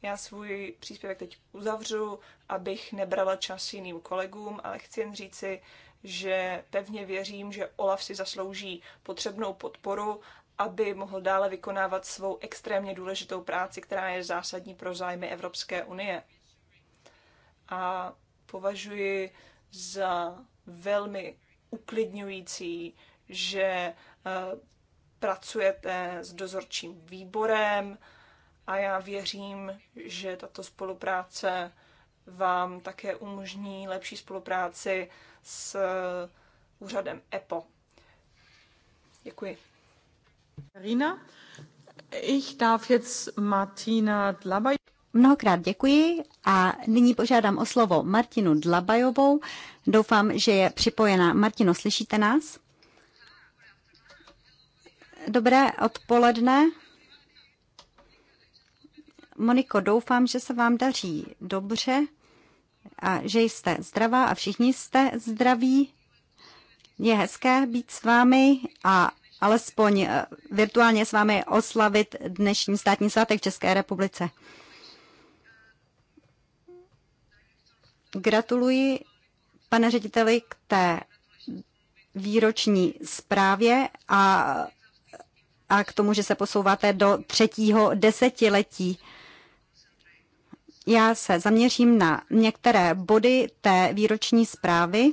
Já svůj příspěvek teď uzavřu, abych nebrala čas jiným kolegům, ale chci jen říci, že pevně věřím, že Olaf si zaslouží potřebnou podporu, aby mohl dále vykonávat svou extrémně důležitou práci, která je zásadní pro zájmy Evropské unie. A považuji za velmi uklidňující, že eh, pracujete s dozorčím výborem a já věřím, že tato spolupráce vám také umožní lepší spolupráci s eh, úřadem EPO. Děkuji. Rina, ich darf jetzt Martina Dlabaj. Mnohokrát děkuji a nyní požádám o slovo Martinu Dlabajovou. Doufám, že je připojena. Martino, slyšíte nás? Dobré odpoledne. Moniko, doufám, že se vám daří dobře a že jste zdravá a všichni jste zdraví. Je hezké být s vámi a alespoň eh, virtuálně s vámi oslavit dnešní státní svátek v České republice. Gratuluji, pane řediteli, k té výroční zprávě a, a k tomu, že se posouváte do třetího desetiletí. Já se zaměřím na některé body té výroční zprávy.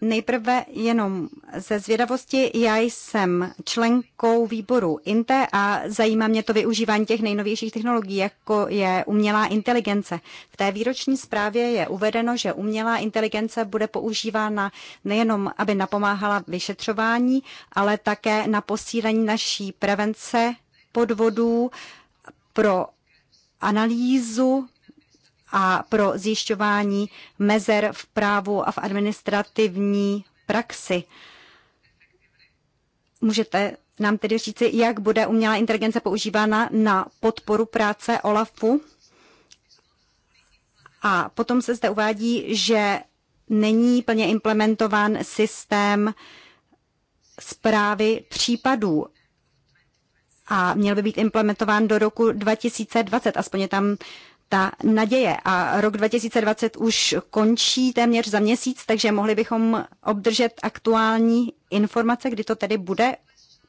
Nejprve jenom ze zvědavosti, já jsem členkou výboru INTE a zajímá mě to využívání těch nejnovějších technologií, jako je umělá inteligence. V té výroční zprávě je uvedeno, že umělá inteligence bude používána nejenom, aby napomáhala vyšetřování, ale také na posílení naší prevence podvodů pro analýzu a pro zjišťování mezer v právu a v administrativní praxi. Můžete nám tedy říci, jak bude umělá inteligence používána na podporu práce OLAFu? A potom se zde uvádí, že není plně implementován systém zprávy případů a měl by být implementován do roku 2020, aspoň je tam ta naděje. A rok 2020 už končí téměř za měsíc, takže mohli bychom obdržet aktuální informace, kdy to tedy bude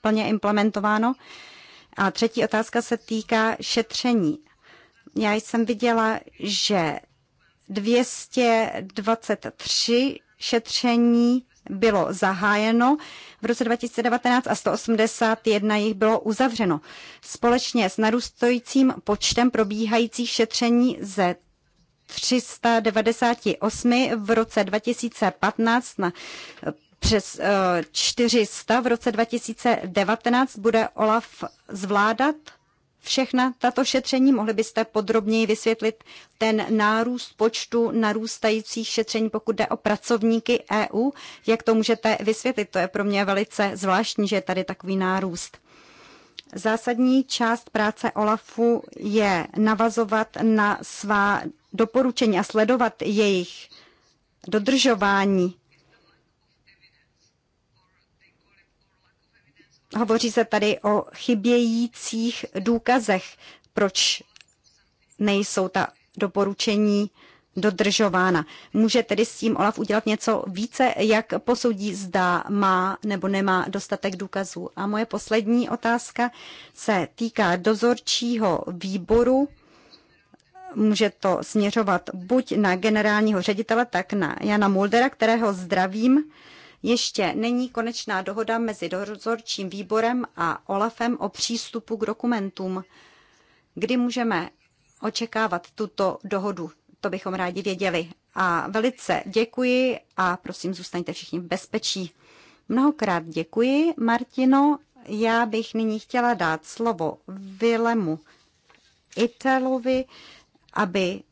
plně implementováno. A třetí otázka se týká šetření. Já jsem viděla, že 223 šetření bylo zahájeno v roce 2019 a 181 jich bylo uzavřeno. Společně s narůstajícím počtem probíhajících šetření ze 398 v roce 2015 na eh, přes 400 eh, v roce 2019 bude OLAF zvládat všechna tato šetření? Mohli byste podrobněji vysvětlit ten nárůst počtu narůstajících šetření, pokud jde o pracovníky EU? Jak to můžete vysvětlit? To je pro mě velice zvláštní, že je tady takový nárůst. Zásadní část práce OLAFu je navazovat na svá doporučení a sledovat jejich dodržování. Hovoří se tady o chybějících důkazech, proč nejsou ta doporučení dodržována. Může tedy s tím Olaf udělat něco více, jak posoudí, zda má nebo nemá dostatek důkazů. A moje poslední otázka se týká dozorčího výboru. Může to směřovat buď na generálního ředitele, tak na Jana Muldera, kterého zdravím ještě není konečná dohoda mezi dozorčím výborem a OLAFem o přístupu k dokumentům. Kdy můžeme očekávat tuto dohodu? To bychom rádi věděli. A velice děkuji a prosím, zůstaňte všichni v bezpečí. Mnohokrát děkuji, Martino. Já bych nyní chtěla dát slovo Vilemu Italovi, aby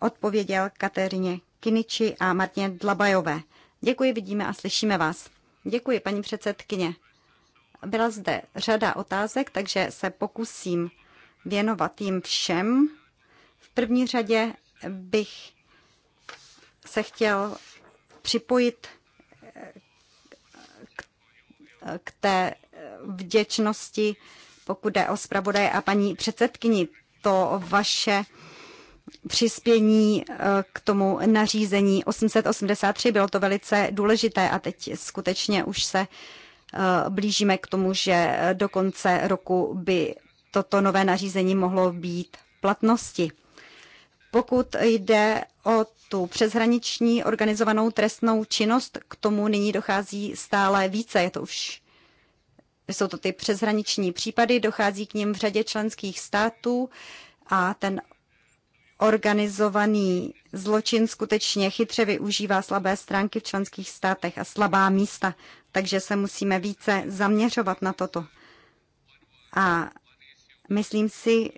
odpověděl Kateřině Kiniči a Martině Dlabajové. Děkuji, vidíme a slyšíme vás. Děkuji, paní předsedkyně. Byla zde řada otázek, takže se pokusím věnovat jim všem. V první řadě bych se chtěl připojit eh, eh, k té eh, vděčnosti, pokud jde o zpravodaje a paní předsedkyni. To vaše přispění eh, k tomu nařízení 883. Bylo to velice důležité a teď skutečně už se eh, blížíme k tomu, že eh, do konce roku by toto nové nařízení mohlo být platnosti. Pokud jde o tu přeshraniční organizovanou trestnou činnost, k tomu nyní dochází stále více. Je to už, jsou to ty přeshraniční případy, dochází k ním v řadě členských států a ten organizovaný zločin skutečně chytře využívá slabé stránky v členských státech a slabá místa, takže se musíme více zaměřovat na toto. A myslím si,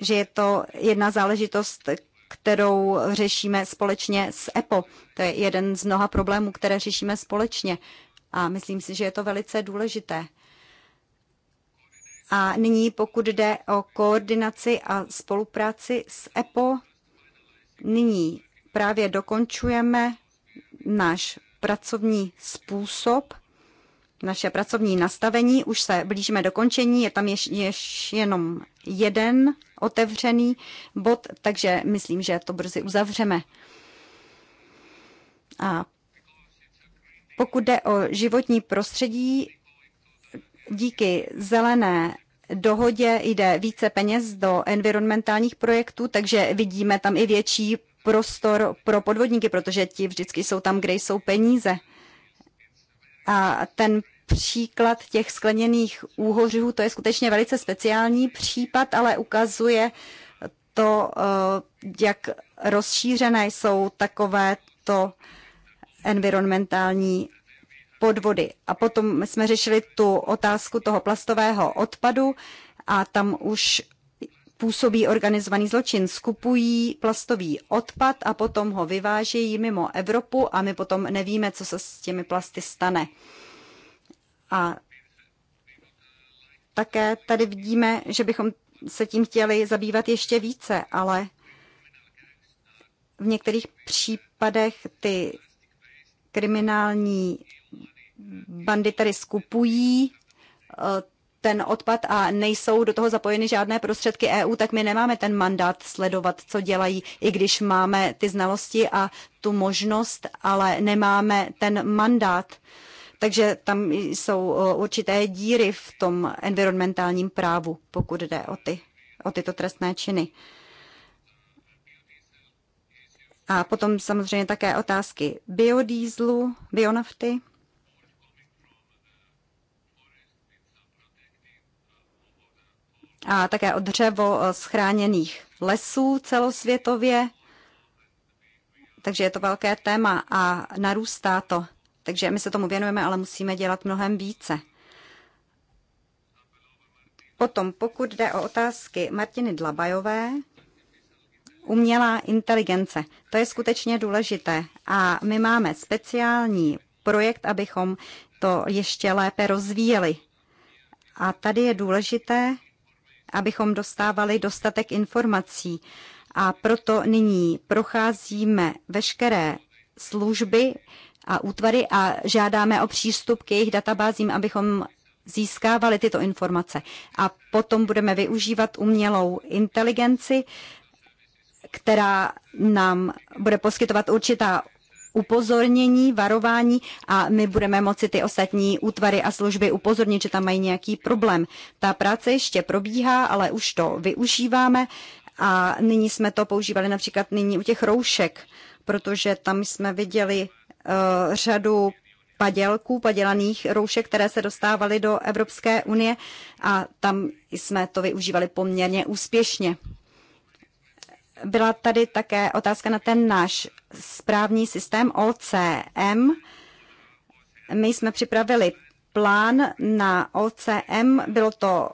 že je to jedna záležitost, kterou řešíme společně s EPO. To je jeden z mnoha problémů, které řešíme společně. A myslím si, že je to velice důležité. A nyní, pokud jde o koordinaci a spolupráci s EPO, nyní právě dokončujeme náš pracovní způsob, naše pracovní nastavení. Už se blížíme dokončení, je tam ještě ješ jenom jeden otevřený bod, takže myslím, že to brzy uzavřeme. A pokud jde o životní prostředí, díky zelené dohodě jde více peněz do environmentálních projektů, takže vidíme tam i větší prostor pro podvodníky, protože ti vždycky jsou tam, kde jsou peníze. A ten příklad těch skleněných úhořů, to je skutečně velice speciální případ, ale ukazuje to, eh, jak rozšířené jsou takovéto environmentální podvody. A potom jsme řešili tu otázku toho plastového odpadu a tam už působí organizovaný zločin. Skupují plastový odpad a potom ho vyvážejí mimo Evropu a my potom nevíme, co se s těmi plasty stane. A také tady vidíme, že bychom se tím chtěli zabývat ještě více, ale v některých případech ty kriminální Bandy tady skupují eh, ten odpad a nejsou do toho zapojeny žádné prostředky EU, tak my nemáme ten mandát sledovat, co dělají, i když máme ty znalosti a tu možnost, ale nemáme ten mandát. Takže tam jsou eh, určité díry v tom environmentálním právu, pokud jde o, ty, o tyto trestné činy. A potom samozřejmě také otázky biodýzlu, bionafty. a také o dřevo z chráněných lesů celosvětově. Takže je to velké téma a narůstá to. Takže my se tomu věnujeme, ale musíme dělat mnohem více. Potom, pokud jde o otázky Martiny Dlabajové, umělá inteligence. To je skutečně důležité a my máme speciální projekt, abychom to ještě lépe rozvíjeli. A tady je důležité, abychom dostávali dostatek informací. A proto nyní procházíme veškeré služby a útvary a žádáme o přístup k jejich databázím, abychom získávali tyto informace. A potom budeme využívat umělou inteligenci, která nám bude poskytovat určitá upozornění, varování a my budeme moci ty ostatní útvary a služby upozornit, že tam mají nějaký problém. Ta práce ještě probíhá, ale už to využíváme a nyní jsme to používali například nyní u těch roušek, protože tam jsme viděli uh, řadu padělků, padělaných roušek, které se dostávaly do Evropské unie a tam jsme to využívali poměrně úspěšně byla tady také otázka na ten náš správní systém OCM. My jsme připravili plán na OCM, bylo to,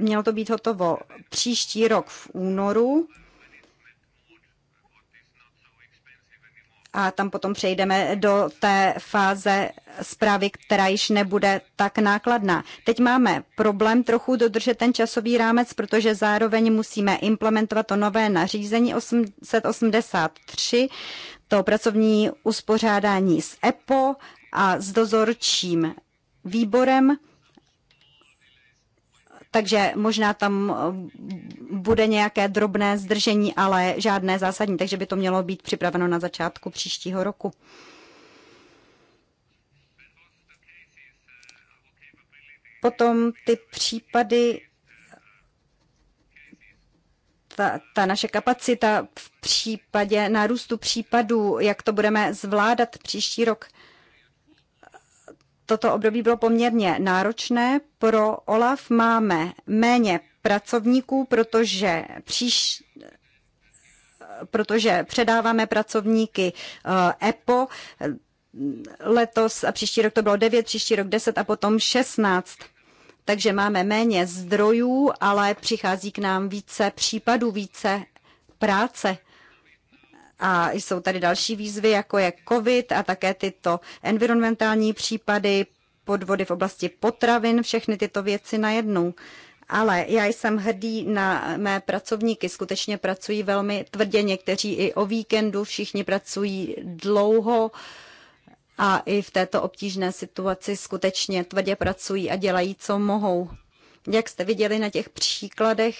mělo to být hotovo příští rok v únoru. a tam potom přejdeme do té fáze zprávy, která již nebude tak nákladná. Teď máme problém trochu dodržet ten časový rámec, protože zároveň musíme implementovat to nové nařízení 883, to pracovní uspořádání s EPO a s dozorčím výborem takže možná tam eh, bude nějaké drobné zdržení, ale žádné zásadní, takže by to mělo být připraveno na začátku příštího roku. Potom ty případy ta, ta naše kapacita v případě nárůstu případů, jak to budeme zvládat příští rok toto období bylo poměrně náročné. Pro OLAF máme méně pracovníků, protože příš, protože předáváme pracovníky eh, EPO letos a příští rok to bylo 9, příští rok 10 a potom 16. Takže máme méně zdrojů, ale přichází k nám více případů, více práce. A jsou tady další výzvy, jako je COVID a také tyto environmentální případy, podvody v oblasti potravin, všechny tyto věci najednou. Ale já jsem hrdý na mé pracovníky, skutečně pracují velmi tvrdě, někteří i o víkendu, všichni pracují dlouho a i v této obtížné situaci skutečně tvrdě pracují a dělají, co mohou. Jak jste viděli na těch příkladech,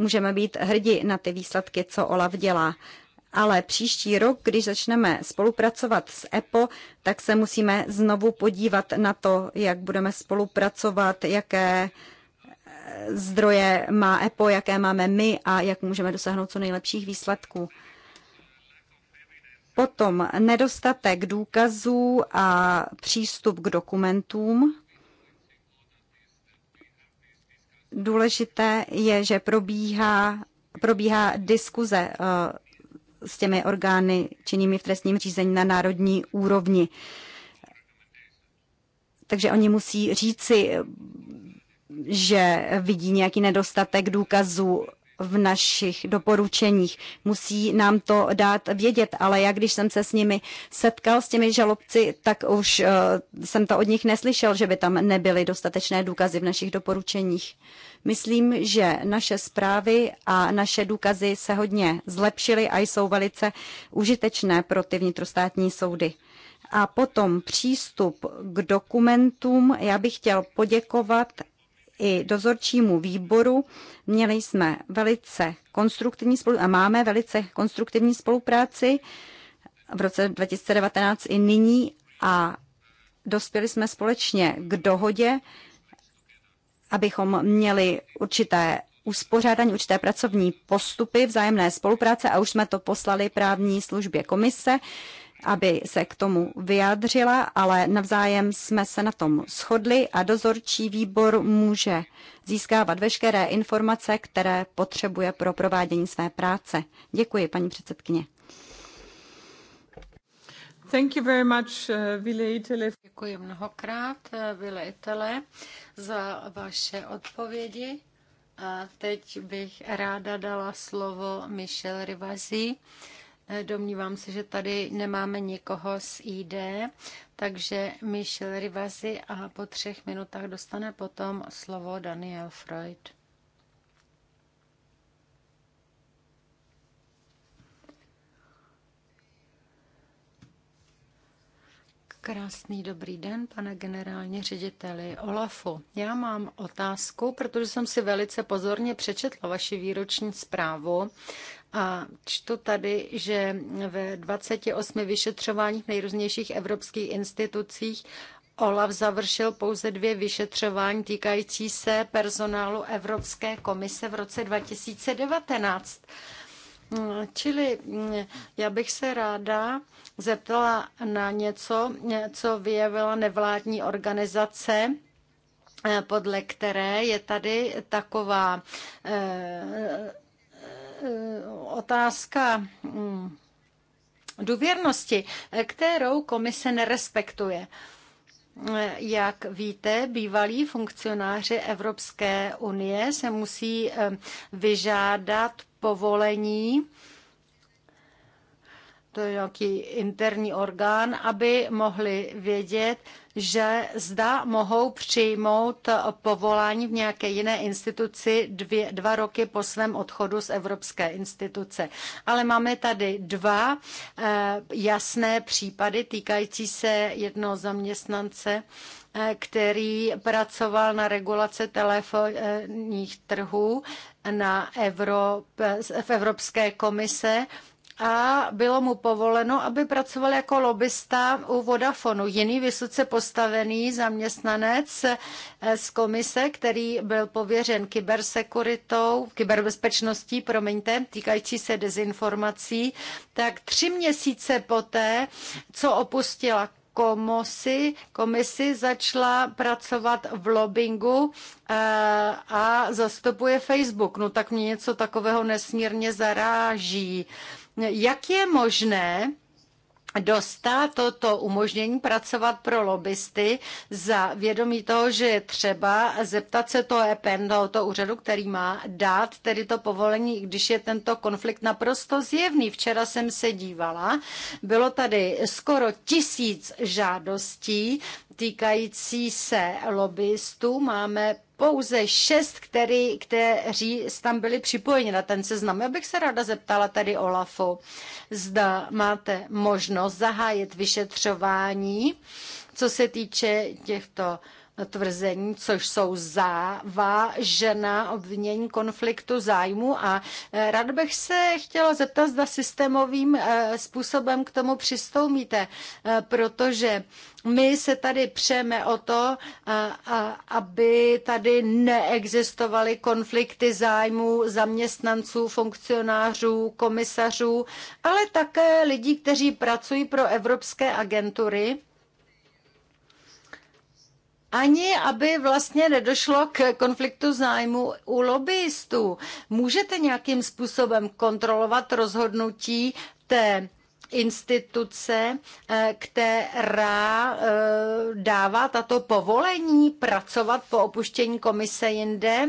Můžeme být hrdí na ty výsledky, co OLAF dělá. Ale příští rok, když začneme spolupracovat s EPO, tak se musíme znovu podívat na to, jak budeme spolupracovat, jaké eh, zdroje má EPO, jaké máme my a jak můžeme dosáhnout co nejlepších výsledků. Potom nedostatek důkazů a přístup k dokumentům. Důležité je, že probíhá, probíhá diskuze eh, s těmi orgány činnými v trestním řízení na národní úrovni. Takže oni musí říci, že vidí nějaký nedostatek důkazů v našich doporučeních. Musí nám to dát vědět, ale já když jsem se s nimi setkal, s těmi žalobci, tak už eh, jsem to od nich neslyšel, že by tam nebyly dostatečné důkazy v našich doporučeních. Myslím, že naše zprávy a naše důkazy se hodně zlepšily a jsou velice užitečné pro ty vnitrostátní soudy. A potom přístup k dokumentům. Já bych chtěl poděkovat i dozorčímu výboru. Měli jsme velice konstruktivní a máme velice konstruktivní spolupráci v roce 2019 i nyní a dospěli jsme společně k dohodě, abychom měli určité uspořádání, určité pracovní postupy, vzájemné spolupráce a už jsme to poslali právní službě komise aby se k tomu vyjádřila, ale navzájem jsme se na tom shodli a dozorčí výbor může získávat veškeré informace, které potřebuje pro provádění své práce. Děkuji, paní předsedkyně. Thank you very much, Vilejtele. Uh, Děkuji mnohokrát, uh, Itele, za vaše odpovědi. A teď bych ráda dala slovo Michelle Rivazi Domnívám se, že tady nemáme nikoho z ID, takže Michel Rivasi a po třech minutách dostane potom slovo Daniel Freud. Krásný dobrý den, pane generální řediteli Olafu. Já mám otázku, protože jsem si velice pozorně přečetla vaši výroční zprávu a čtu tady, že ve 28 vyšetřováních v nejrůznějších evropských institucích Olaf završil pouze dvě vyšetřování týkající se personálu Evropské komise v roce 2019. Čili mm, já bych se ráda zeptala na něco, co vyjevila nevládní organizace, eh, podle které je tady taková eh, Eh, otázka mm, důvěrnosti, eh, kterou komise nerespektuje. Eh, jak víte, bývalí funkcionáři Evropské unie se musí vyžádat povolení to je nějaký interní orgán, aby mohli vědět, že zda mohou přijmout povolání v nějaké jiné instituci dvě, dva roky po svém odchodu z Evropské instituce. Ale máme tady dva eh, jasné případy týkající se jednoho zaměstnance, eh, který pracoval na regulace telefonních trhů na Evrop, eh, v Evropské komise a bylo mu povoleno, aby pracoval jako lobista u Vodafonu. Jiný vysoce postavený zaměstnanec eh, z komise, který byl pověřen kybersekuritou, kyberbezpečností, promiňte, týkající se dezinformací, tak tři měsíce poté, co opustila komisi, komisi začala pracovat v lobbingu eh, a zastupuje Facebook. No tak mě něco takového nesmírně zaráží. Jak je možné, dostat toto umožnění pracovat pro lobbysty za vědomí toho, že je třeba zeptat se toho EPN, toho úřadu, který má dát tedy to povolení, když je tento konflikt naprosto zjevný. Včera jsem se dívala, bylo tady skoro tisíc žádostí týkající se lobbystů. Máme pouze šest, který, kteří tam byli připojeni na ten seznam. Já bych se ráda zeptala tady Olafu, zda máte možnost zahájit vyšetřování, co se týče těchto tvrzení, což jsou závažená obvinění konfliktu zájmu a e, rád bych se chtěla zeptat, zda systémovým e, způsobem k tomu přistoupíte, e, protože my se tady přeme o to, aby tady neexistovaly konflikty zájmů zaměstnanců, funkcionářů, komisařů, ale také lidí, kteří pracují pro evropské agentury ani aby vlastně nedošlo k konfliktu zájmu u lobbyistů. Můžete nějakým způsobem kontrolovat rozhodnutí té instituce, eh, která eh, dává tato povolení pracovat po opuštění komise jinde,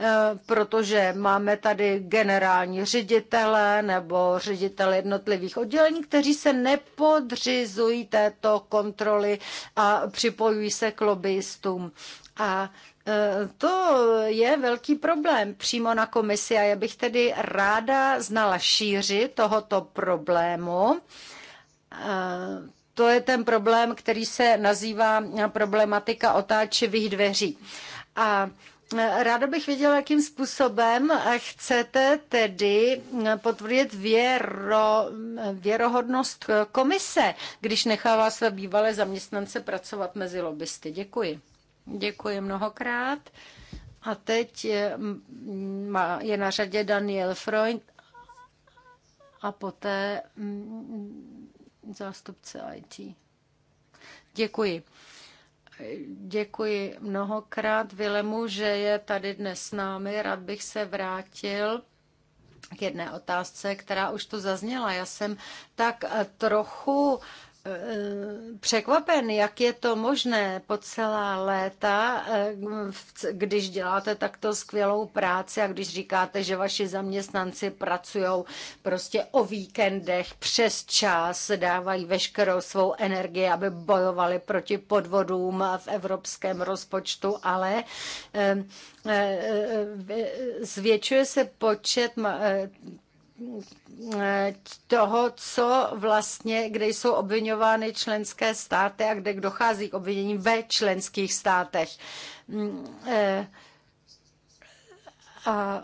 eh, protože máme tady generální ředitele nebo ředitele jednotlivých oddělení, kteří se nepodřizují této kontroly a připojují se k lobbyistům. A Eh, to je velký problém přímo na komisi a já bych tedy ráda znala šíři tohoto problému. Eh, to je ten problém, který se nazývá problematika otáčivých dveří. A eh, Ráda bych věděla, jakým způsobem chcete tedy potvrdit věro, věrohodnost komise, když nechává své bývalé zaměstnance pracovat mezi lobbysty. Děkuji. Děkuji mnohokrát. A teď je, mm, je na řadě Daniel Freund a poté mm, zástupce IT. Děkuji. Děkuji mnohokrát Vilemu, že je tady dnes s námi. Rád bych se vrátil k jedné otázce, která už tu zazněla. Já jsem tak trochu Eh, překvapen, jak je to možné po celá léta, eh, když děláte takto skvělou práci a když říkáte, že vaši zaměstnanci pracují prostě o víkendech přes čas, dávají veškerou svou energii, aby bojovali proti podvodům v evropském rozpočtu, ale eh, zvětšuje se počet toho, co vlastně, kde jsou obvinovány členské státy a kde dochází k obvinění ve členských státech. Mm, eh, a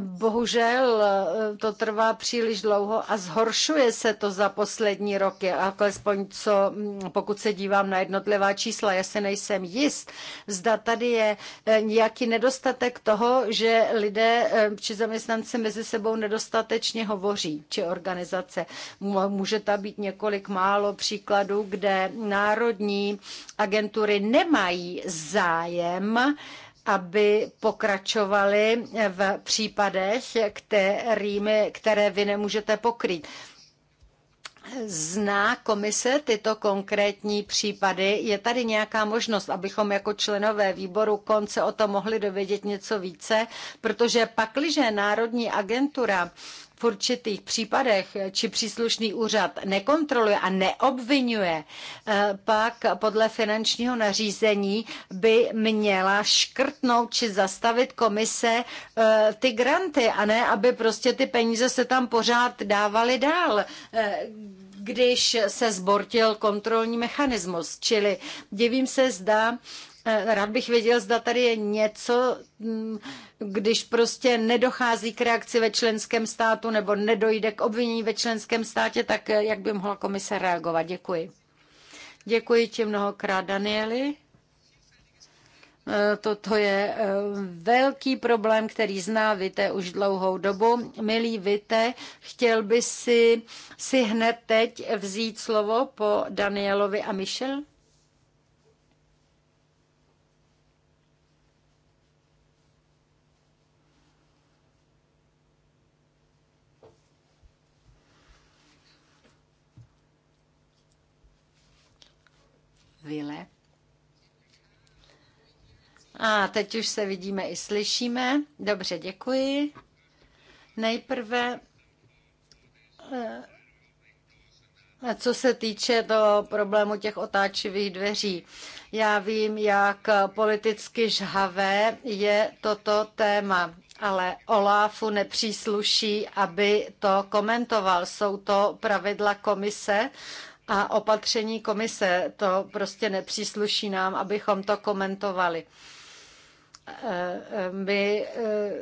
Bohužel eh, to trvá příliš dlouho a zhoršuje se to za poslední roky, alespoň co, mm, pokud se dívám na jednotlivá čísla, já se nejsem jist, zda tady je eh, nějaký nedostatek toho, že lidé eh, či zaměstnanci mezi sebou nedostatečně hovoří, či organizace. Může tam být několik málo příkladů, kde národní agentury nemají zájem aby pokračovali v případech, kterými, které vy nemůžete pokrýt. Zná komise tyto konkrétní případy? Je tady nějaká možnost, abychom jako členové výboru konce o tom mohli dovědět něco více? Protože pakliže Národní agentura v určitých případech či příslušný úřad nekontroluje a neobvinuje, eh, pak podle finančního nařízení by měla škrtnout či zastavit komise eh, ty granty a ne, aby prostě ty peníze se tam pořád dávaly dál eh, když se zbortil kontrolní mechanismus. Čili divím se, zda Eh, rád bych věděl, zda tady je něco, mm, když prostě nedochází k reakci ve členském státu nebo nedojde k obvinění ve členském státě, tak eh, jak by mohla komise reagovat? Děkuji. Děkuji ti mnohokrát, Danieli. Eh, toto je velký problém, který zná Vite už dlouhou dobu. Milý Vite, chtěl by si, si hned teď vzít slovo po Danielovi a Michel? chvíle. A teď už se vidíme i slyšíme. Dobře, děkuji. Nejprve eh, co se týče toho problému těch otáčivých dveří, já vím, jak politicky žhavé je toto téma, ale Oláfu nepřísluší, aby to komentoval. Jsou to pravidla komise a opatření komise. To prostě nepřísluší nám, abychom to komentovali. Eh, eh, my eh,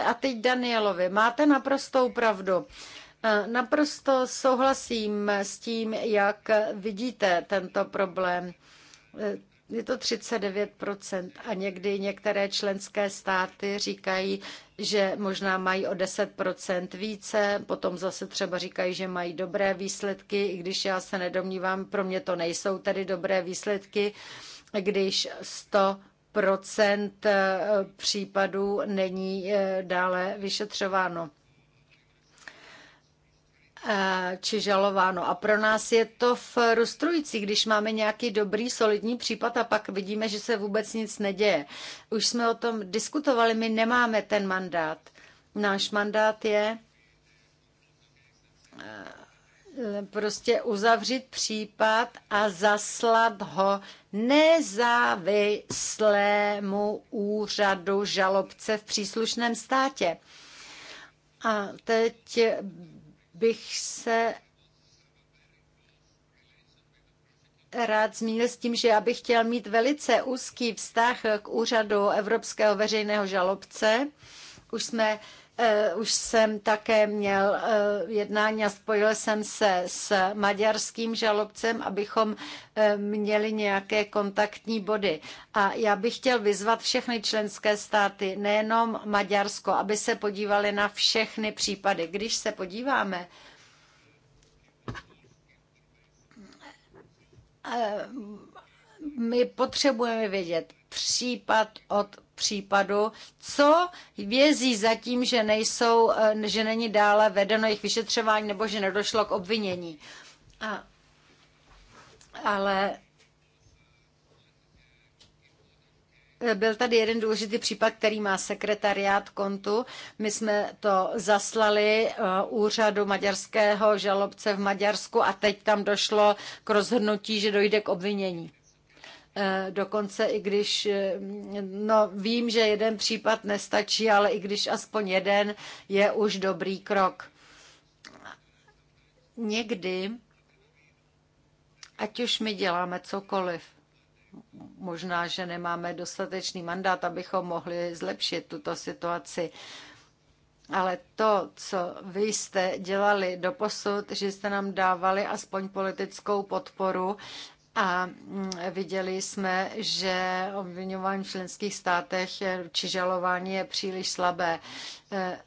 a teď Danielovi, máte naprostou pravdu. Naprosto souhlasím s tím, jak vidíte tento problém je to 39% a někdy některé členské státy říkají, že možná mají o 10% více, potom zase třeba říkají, že mají dobré výsledky, i když já se nedomnívám, pro mě to nejsou tedy dobré výsledky, když 100 procent případů není eh, dále vyšetřováno. Eh, či žalováno. A pro nás je to frustrující, když máme nějaký dobrý, solidní případ a pak vidíme, že se vůbec nic neděje. Už jsme o tom diskutovali, my nemáme ten mandát. Náš mandát je eh, prostě uzavřít případ a zaslat ho nezávislému úřadu žalobce v příslušném státě. A teď bych se rád zmínil s tím, že já bych chtěl mít velice úzký vztah k úřadu Evropského veřejného žalobce. Už jsme Eh, už jsem také měl eh, jednání a spojil jsem se s maďarským žalobcem, abychom eh, měli nějaké kontaktní body. A já bych chtěl vyzvat všechny členské státy, nejenom Maďarsko, aby se podívali na všechny případy. Když se podíváme, my potřebujeme vědět případ od případu, co vězí za tím, že, nejsou, eh, že není dále vedeno jejich vyšetřování nebo že nedošlo k obvinění. A, ale eh, byl tady jeden důležitý případ, který má sekretariát kontu. My jsme to zaslali eh, úřadu maďarského žalobce v Maďarsku a teď tam došlo k rozhodnutí, že dojde k obvinění. Eh, dokonce i když, eh, no vím, že jeden případ nestačí, ale i když aspoň jeden je už dobrý krok. Někdy, ať už my děláme cokoliv, možná, že nemáme dostatečný mandát, abychom mohli zlepšit tuto situaci. Ale to, co vy jste dělali do posud, že jste nám dávali aspoň politickou podporu a mm, viděli jsme, že obvinování v členských státech či žalování je příliš slabé. E, e,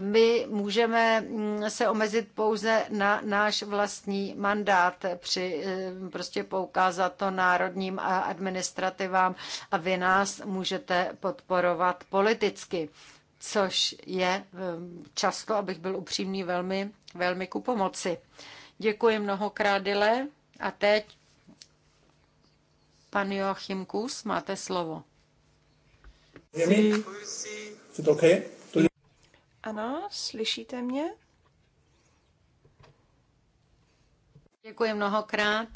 my můžeme mm, se omezit pouze na náš vlastní mandát, při, e, prostě poukázat to národním administrativám a vy nás můžete podporovat politicky což je často, abych byl upřímný, velmi, velmi ku pomoci. Děkuji mnohokrát, Dile. A teď Pan Joachim Kus, máte slovo. Ano, slyšíte mě? Děkuji mnohokrát,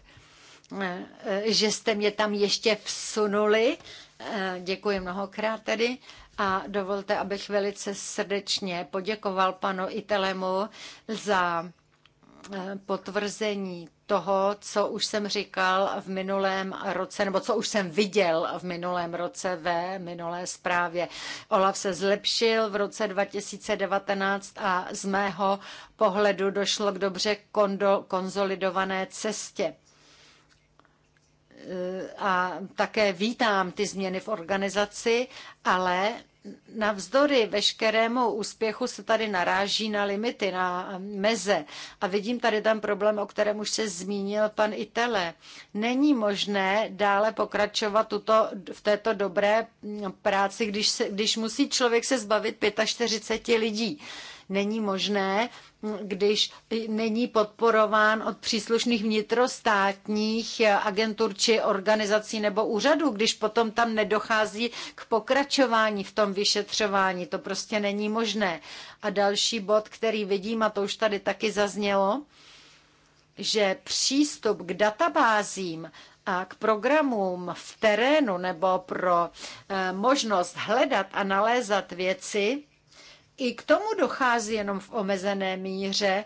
eh, že jste mě tam ještě vsunuli. Eh, děkuji mnohokrát tedy. A dovolte, abych velice srdečně poděkoval panu Itelemu za eh, potvrzení toho, co už jsem říkal v minulém roce, nebo co už jsem viděl v minulém roce ve minulé zprávě. Olaf se zlepšil v roce 2019 a z mého pohledu došlo k dobře kondo, konzolidované cestě e, a také vítám ty změny v organizaci, ale navzdory veškerému úspěchu se tady naráží na limity, na meze. A vidím tady ten problém, o kterém už se zmínil pan Itele. Není možné dále pokračovat tuto, v této dobré práci, když, se, když musí člověk se zbavit 45 lidí není možné, když není podporován od příslušných vnitrostátních agentur či organizací nebo úřadů, když potom tam nedochází k pokračování v tom vyšetřování. To prostě není možné. A další bod, který vidím, a to už tady taky zaznělo, že přístup k databázím a k programům v terénu nebo pro eh, možnost hledat a nalézat věci i k tomu dochází jenom v omezené míře.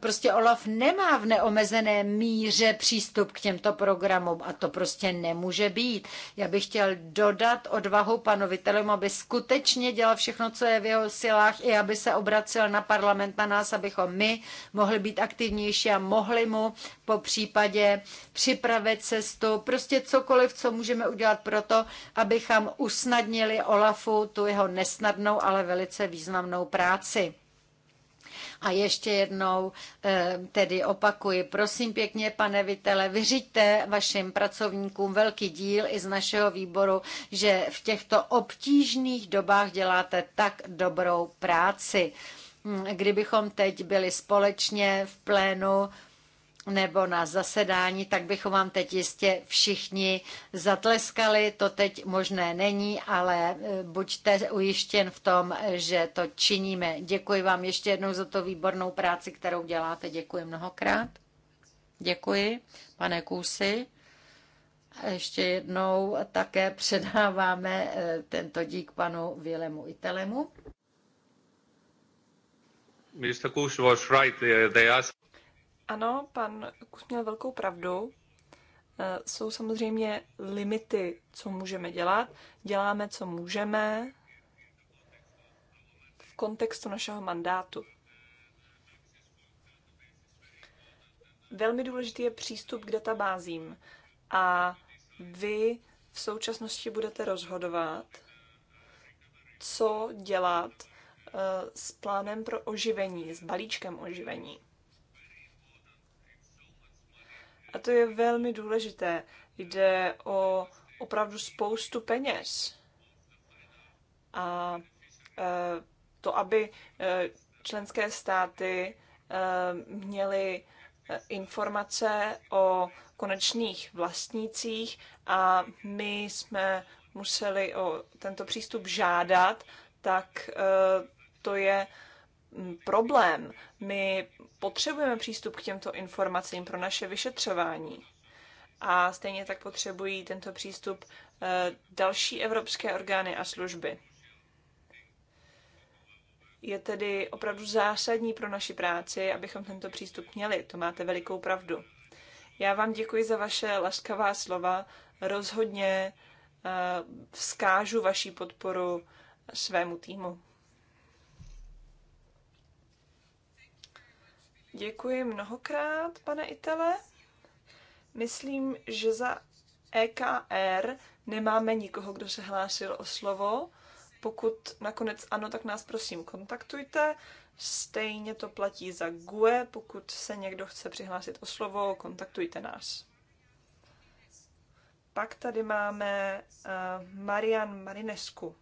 Prostě Olaf nemá v neomezené míře přístup k těmto programům a to prostě nemůže být. Já bych chtěl dodat odvahu panu Vitelům, aby skutečně dělal všechno, co je v jeho silách i aby se obracel na parlament na nás, abychom my mohli být aktivnější a mohli mu po případě připravit cestu, prostě cokoliv, co můžeme udělat pro to, abychom usnadnili Olafu tu jeho nesnadnou, ale velice významnou významnou práci. A ještě jednou eh, tedy opakuji, prosím pěkně, pane Vitele, vyřiďte vašim pracovníkům velký díl i z našeho výboru, že v těchto obtížných dobách děláte tak dobrou práci. Hm, kdybychom teď byli společně v plénu, nebo na zasedání, tak bychom vám teď jistě všichni zatleskali. To teď možné není, ale e, buďte ujištěn v tom, že to činíme. Děkuji vám ještě jednou za to výbornou práci, kterou děláte. Děkuji mnohokrát. Děkuji, pane Kůsi. A ještě jednou také předáváme e, tento dík panu Vilemu Itelemu. Mr. Kush was right. They asked ano, pan Kus měl velkou pravdu. E, jsou samozřejmě limity, co můžeme dělat. Děláme, co můžeme v kontextu našeho mandátu. Velmi důležitý je přístup k databázím a vy v současnosti budete rozhodovat, co dělat e, s plánem pro oživení, s balíčkem oživení. A to je velmi důležité. Jde o opravdu spoustu peněz. A e, to, aby e, členské státy e, měly informace o konečných vlastnících a my jsme museli o tento přístup žádat, tak to je Mm, problém. My potřebujeme přístup k těmto informacím pro naše vyšetřování. A stejně tak potřebují tento přístup eh, další evropské orgány a služby. Je tedy opravdu zásadní pro naši práci, abychom tento přístup měli. To máte velikou pravdu. Já vám děkuji za vaše laskavá slova. Rozhodně eh, vzkážu vaší podporu svému týmu. Děkuji mnohokrát, pane Itele. Myslím, že za EKR nemáme nikoho, kdo se hlásil o slovo. Pokud nakonec ano, tak nás prosím kontaktujte. Stejně to platí za GUE. Pokud se někdo chce přihlásit o slovo, kontaktujte nás. Pak tady máme uh, Marian Marinesku.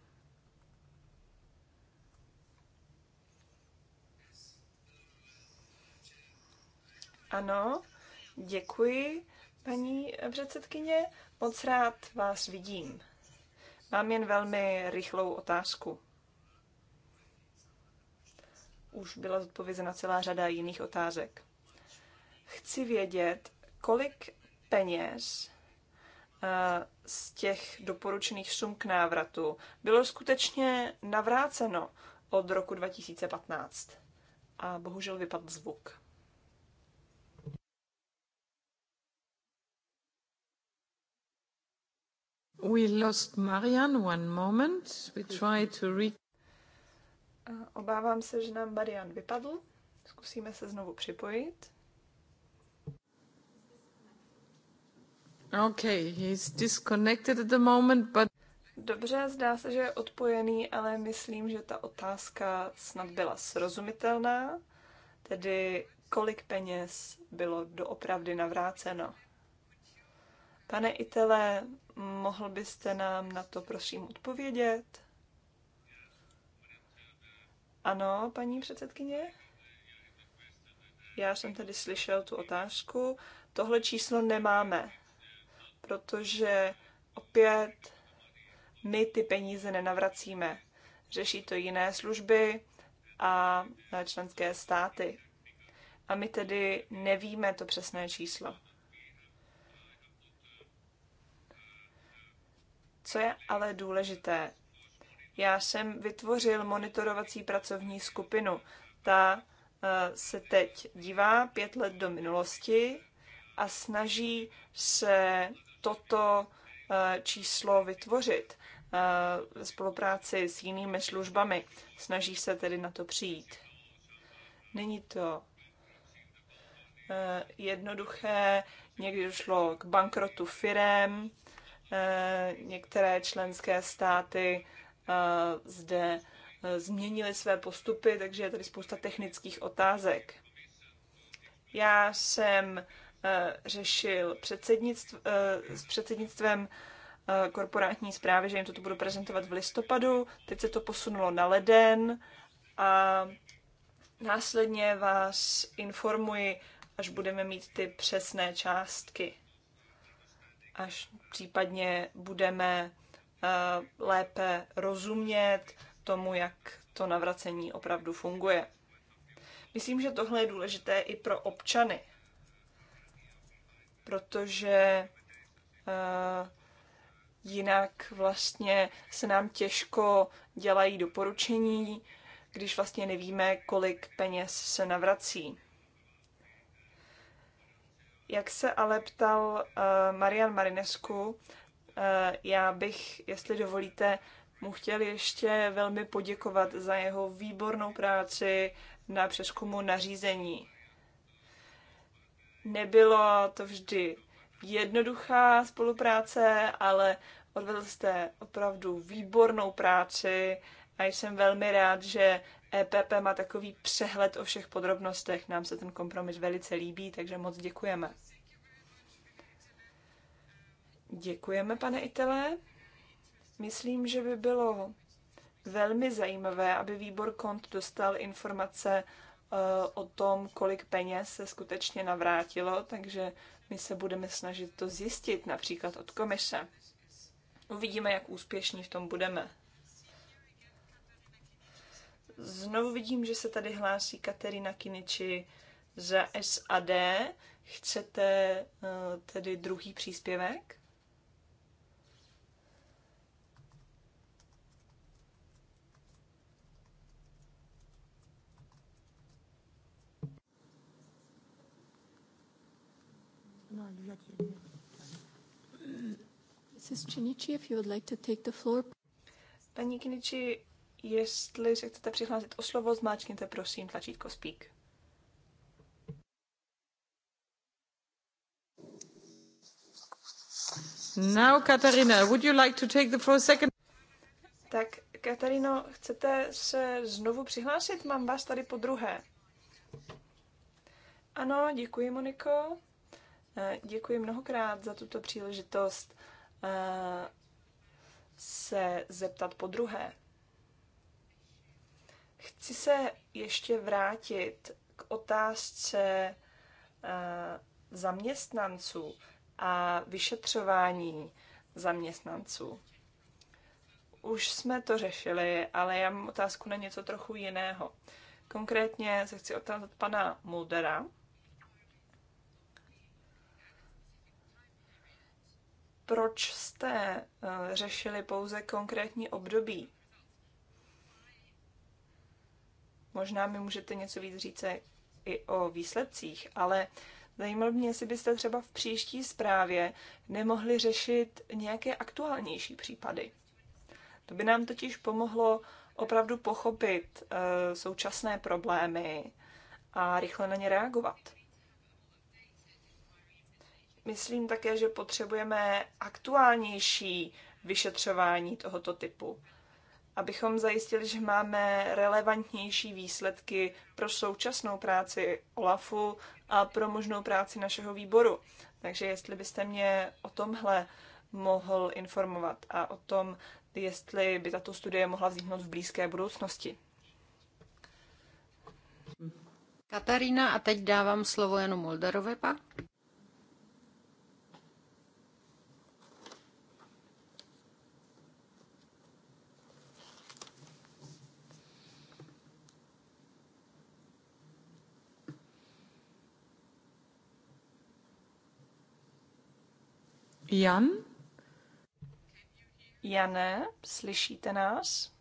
Ano, děkuji, paní předsedkyně. Moc rád vás vidím. Mám jen velmi rychlou otázku. Už byla zodpovězena celá řada jiných otázek. Chci vědět, kolik peněz eh, z těch doporučených sum k návratu bylo skutečně navráceno od roku 2015. A bohužel vypadl zvuk. We lost Marian, one moment. We try to re... Obávám se, že nám Marian vypadl. Zkusíme se znovu připojit. Okay, he's disconnected at the moment, but... Dobře, zdá se, že je odpojený, ale myslím, že ta otázka snad byla srozumitelná, tedy kolik peněz bylo doopravdy navráceno. Pane Itele, Mohl byste nám na to prosím odpovědět? Ano, paní předsedkyně? Já jsem tedy slyšel tu otázku. Tohle číslo nemáme, protože opět my ty peníze nenavracíme. Řeší to jiné služby a členské státy. A my tedy nevíme to přesné číslo. Co je ale důležité? Já jsem vytvořil monitorovací pracovní skupinu. Ta eh, se teď dívá pět let do minulosti a snaží se toto eh, číslo vytvořit eh, ve spolupráci s jinými službami. Snaží se tedy na to přijít. Není to jednoduché, někdy došlo k bankrotu firem, Eh, některé členské státy eh, zde eh, změnily své postupy, takže je tady spousta technických otázek. Já jsem řešil předsednictv, s předsednictvem korporátní zprávy, že jim toto budu prezentovat v listopadu. Teď se to posunulo na leden a následně vás informuji, až budeme mít ty přesné částky až případně budeme eh, lépe rozumět tomu, jak to navracení opravdu funguje. Myslím, že tohle je důležité i pro občany, protože eh, jinak vlastně se nám těžko dělají doporučení, když vlastně nevíme, kolik peněz se navrací. Jak se ale ptal uh, Marian Marinescu, uh, já bych, jestli dovolíte, mu chtěl ještě velmi poděkovat za jeho výbornou práci na přeskumu nařízení. Nebylo to vždy jednoduchá spolupráce, ale odvedl jste opravdu výbornou práci a jsem velmi rád, že EPP má takový přehled o všech podrobnostech. Nám se ten kompromis velice líbí, takže moc děkujeme. Děkujeme, pane Itele. Myslím, že by bylo velmi zajímavé, aby výbor kont dostal informace e, o tom, kolik peněz se skutečně navrátilo, takže my se budeme snažit to zjistit například od komise. Uvidíme, jak úspěšní v tom budeme. Znovu vidím, že se tady hlásí Katerina Kiniči za SAD. Chcete eh, tedy druhý příspěvek? No, Mrs. Chinichi, if you would like to take the floor. Paní Kiniči, Jestli se chcete přihlásit o slovo, zmáčkněte prosím tlačítko Speak. Now, Katarina, would you like to take the floor second? Tak, Katarino, chcete se znovu přihlásit? Mám vás tady po druhé. Ano, děkuji, Moniko. Eh, děkuji mnohokrát za tuto příležitost eh, se zeptat po druhé. Chci se ještě vrátit k otázce eh, zaměstnanců a vyšetřování zaměstnanců. Už jsme to řešili, ale já mám otázku na něco trochu jiného. Konkrétně se chci otázat pana Muldera. Proč jste eh, řešili pouze konkrétní období? Možná mi můžete něco víc říct i o výsledcích, ale zajímalo mě, jestli byste třeba v příští zprávě nemohli řešit nějaké aktuálnější případy. To by nám totiž pomohlo opravdu pochopit eh, současné problémy a rychle na ně reagovat. Myslím také, že potřebujeme aktuálnější vyšetřování tohoto typu abychom zajistili, že máme relevantnější výsledky pro současnou práci OLAFu a pro možnou práci našeho výboru. Takže jestli byste mě o tomhle mohl informovat a o tom, jestli by tato studie mohla vzniknout v blízké budoucnosti. Katarína a teď dávám slovo Janu Moldarové. pak. Jan? Jane, slyšíte nás?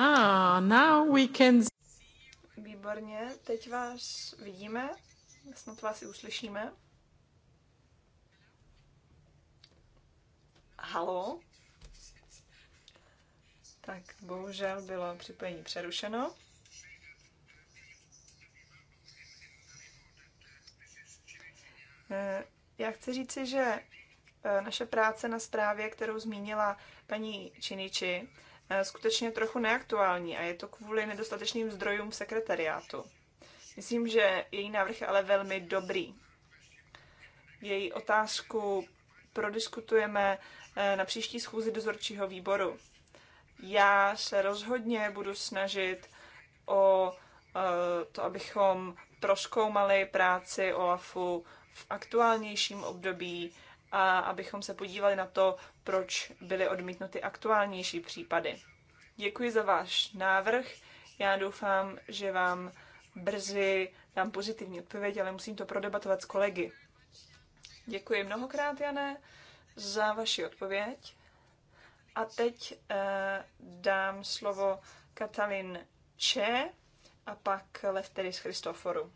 Ah, now we can... Výborně, teď vás vidíme, snad vás i uslyšíme. Halo? Tak bohužel bylo připojení přerušeno. Eh, já chci říci, že eh, naše práce na zprávě, kterou zmínila paní Činiči, E, skutečně trochu neaktuální a je to kvůli nedostatečným zdrojům v sekretariátu. Myslím, že její návrh je ale velmi dobrý. Její otázku prodiskutujeme e, na příští schůzi dozorčího výboru. Já se rozhodně budu snažit o e, to, abychom proskoumali práci OLAFu v aktuálnějším období a abychom se podívali na to, proč byly odmítnuty aktuálnější případy. Děkuji za váš návrh. Já doufám, že vám brzy dám pozitivní odpověď, ale musím to prodebatovat s kolegy. Děkuji mnohokrát, Jane, za vaši odpověď. A teď eh, dám slovo Katalin Če a pak Lefteris Christoforu.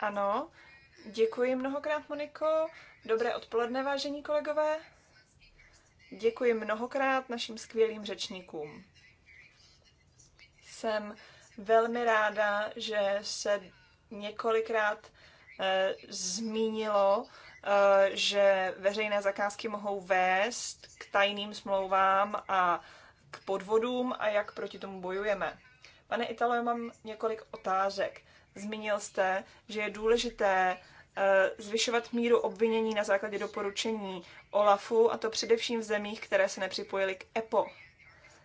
Ano, děkuji mnohokrát, Moniko. Dobré odpoledne, vážení kolegové. Děkuji mnohokrát našim skvělým řečníkům. Jsem velmi ráda, že se několikrát e, zmínilo, e, že veřejné zakázky mohou vést k tajným smlouvám a k podvodům a jak proti tomu bojujeme. Pane Italo, já mám několik otázek. Zmínil jste, že je důležité eh, zvyšovat míru obvinění na základě doporučení OLAFu, a to především v zemích, které se nepřipojily k EPO.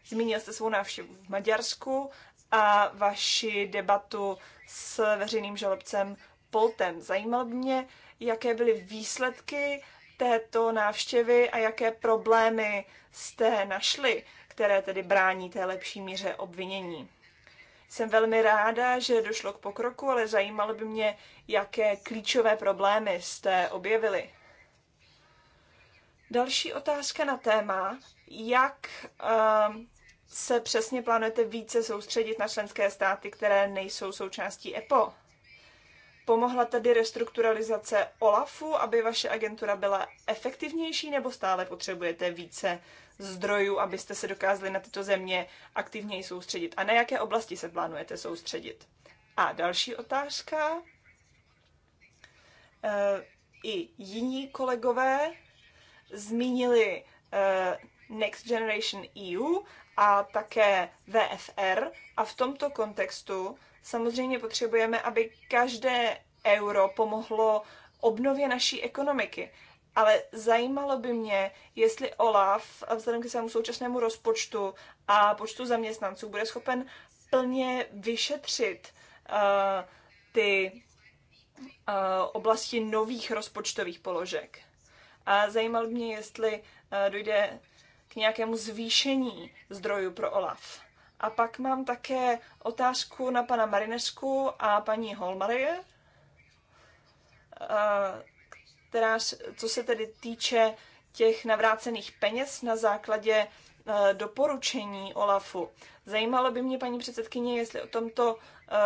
Zmínil jste svou návštěvu v Maďarsku a vaši debatu s veřejným žalobcem Poltem. Zajímalo by mě, jaké byly výsledky této návštěvy a jaké problémy jste našli, které tedy brání té lepší míře obvinění. Jsem velmi ráda, že došlo k pokroku, ale zajímalo by mě, jaké klíčové problémy jste objevili. Další otázka na téma, jak ehm, se přesně plánujete více soustředit na členské státy, které nejsou součástí EPO? Pomohla tedy restrukturalizace OLAFu, aby vaše agentura byla efektivnější, nebo stále potřebujete více zdrojů, abyste se dokázali na tyto země aktivněji soustředit? A na jaké oblasti se plánujete soustředit? A další otázka. Eh, I jiní kolegové zmínili eh, Next Generation EU a také VFR. A v tomto kontextu samozřejmě potřebujeme, aby každé euro pomohlo obnově naší ekonomiky ale zajímalo by mě, jestli OLAF, vzhledem k svému současnému rozpočtu a počtu zaměstnanců, bude schopen plně vyšetřit uh, ty uh, oblasti nových rozpočtových položek. A zajímalo by mě, jestli uh, dojde k nějakému zvýšení zdrojů pro OLAF. A pak mám také otázku na pana Marinesku a paní Holmarie která, co se tedy týče těch navrácených peněz na základě eh, doporučení OLAFu. Zajímalo by mě, paní předsedkyně, jestli o tomto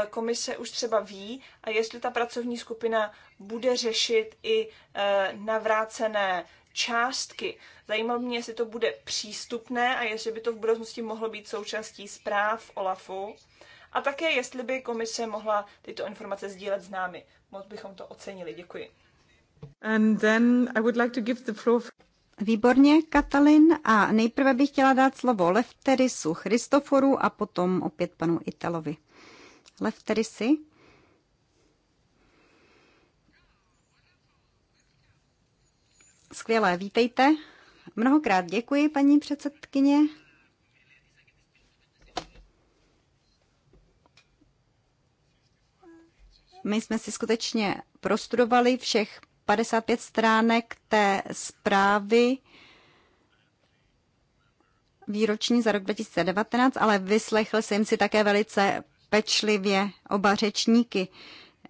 eh, komise už třeba ví a jestli ta pracovní skupina bude řešit i eh, navrácené částky. Zajímalo by mě, jestli to bude přístupné a jestli by to v budoucnosti mohlo být součástí zpráv OLAFu. A také, jestli by komise mohla tyto informace sdílet s námi. Moc bychom to ocenili. Děkuji. Výborně, Katalin. A nejprve bych chtěla dát slovo Lefterisu Christoforu a potom opět panu Italovi. Lefterisi. Skvělé, vítejte. Mnohokrát děkuji, paní předsedkyně. My jsme si skutečně prostudovali všech 55 stránek té zprávy výroční za rok 2019, ale vyslechl jsem si také velice pečlivě oba řečníky.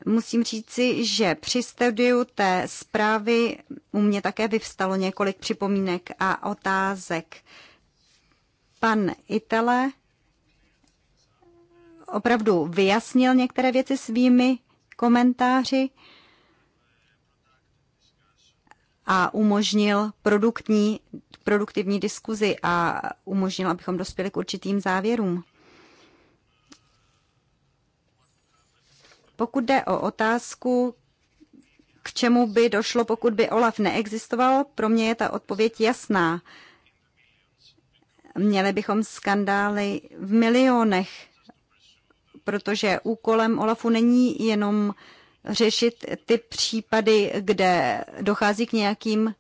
Musím říci, že při studiu té zprávy u mě také vyvstalo několik připomínek a otázek. Pan Itele opravdu vyjasnil některé věci svými komentáři a umožnil produktní, produktivní diskuzi a umožnil, abychom dospěli k určitým závěrům. Pokud jde o otázku, k čemu by došlo, pokud by OLAF neexistoval, pro mě je ta odpověď jasná. Měli bychom skandály v milionech, protože úkolem OLAFu není jenom řešit ty případy, kde dochází k nějakým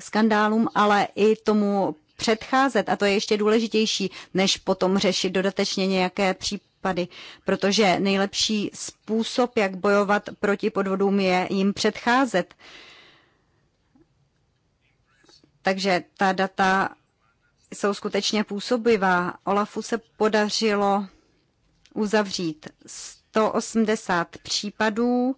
skandálům, ale i tomu předcházet, a to je ještě důležitější, než potom řešit dodatečně nějaké případy, protože nejlepší způsob, jak bojovat proti podvodům, je jim předcházet. Takže ta data jsou skutečně působivá. Olafu se podařilo uzavřít 180 případů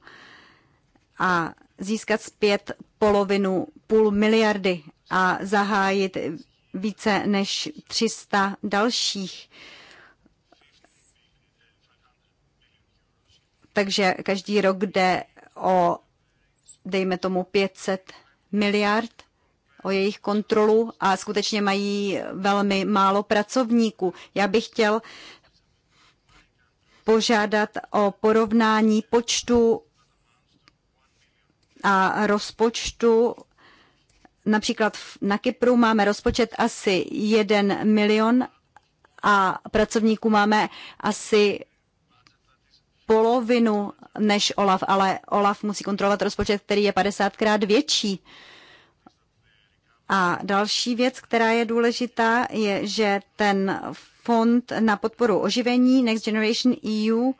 a získat zpět polovinu půl miliardy a zahájit více než 300 dalších. Takže každý rok jde o, dejme tomu, 500 miliard o jejich kontrolu a skutečně mají velmi málo pracovníků. Já bych chtěl požádat o porovnání počtu a rozpočtu. Například na Kypru máme rozpočet asi 1 milion a pracovníků máme asi polovinu než Olaf, ale Olaf musí kontrolovat rozpočet, který je 50krát větší. Uh, a další věc, která je důležitá, je, že ten fond na podporu oživení Next Generation EU,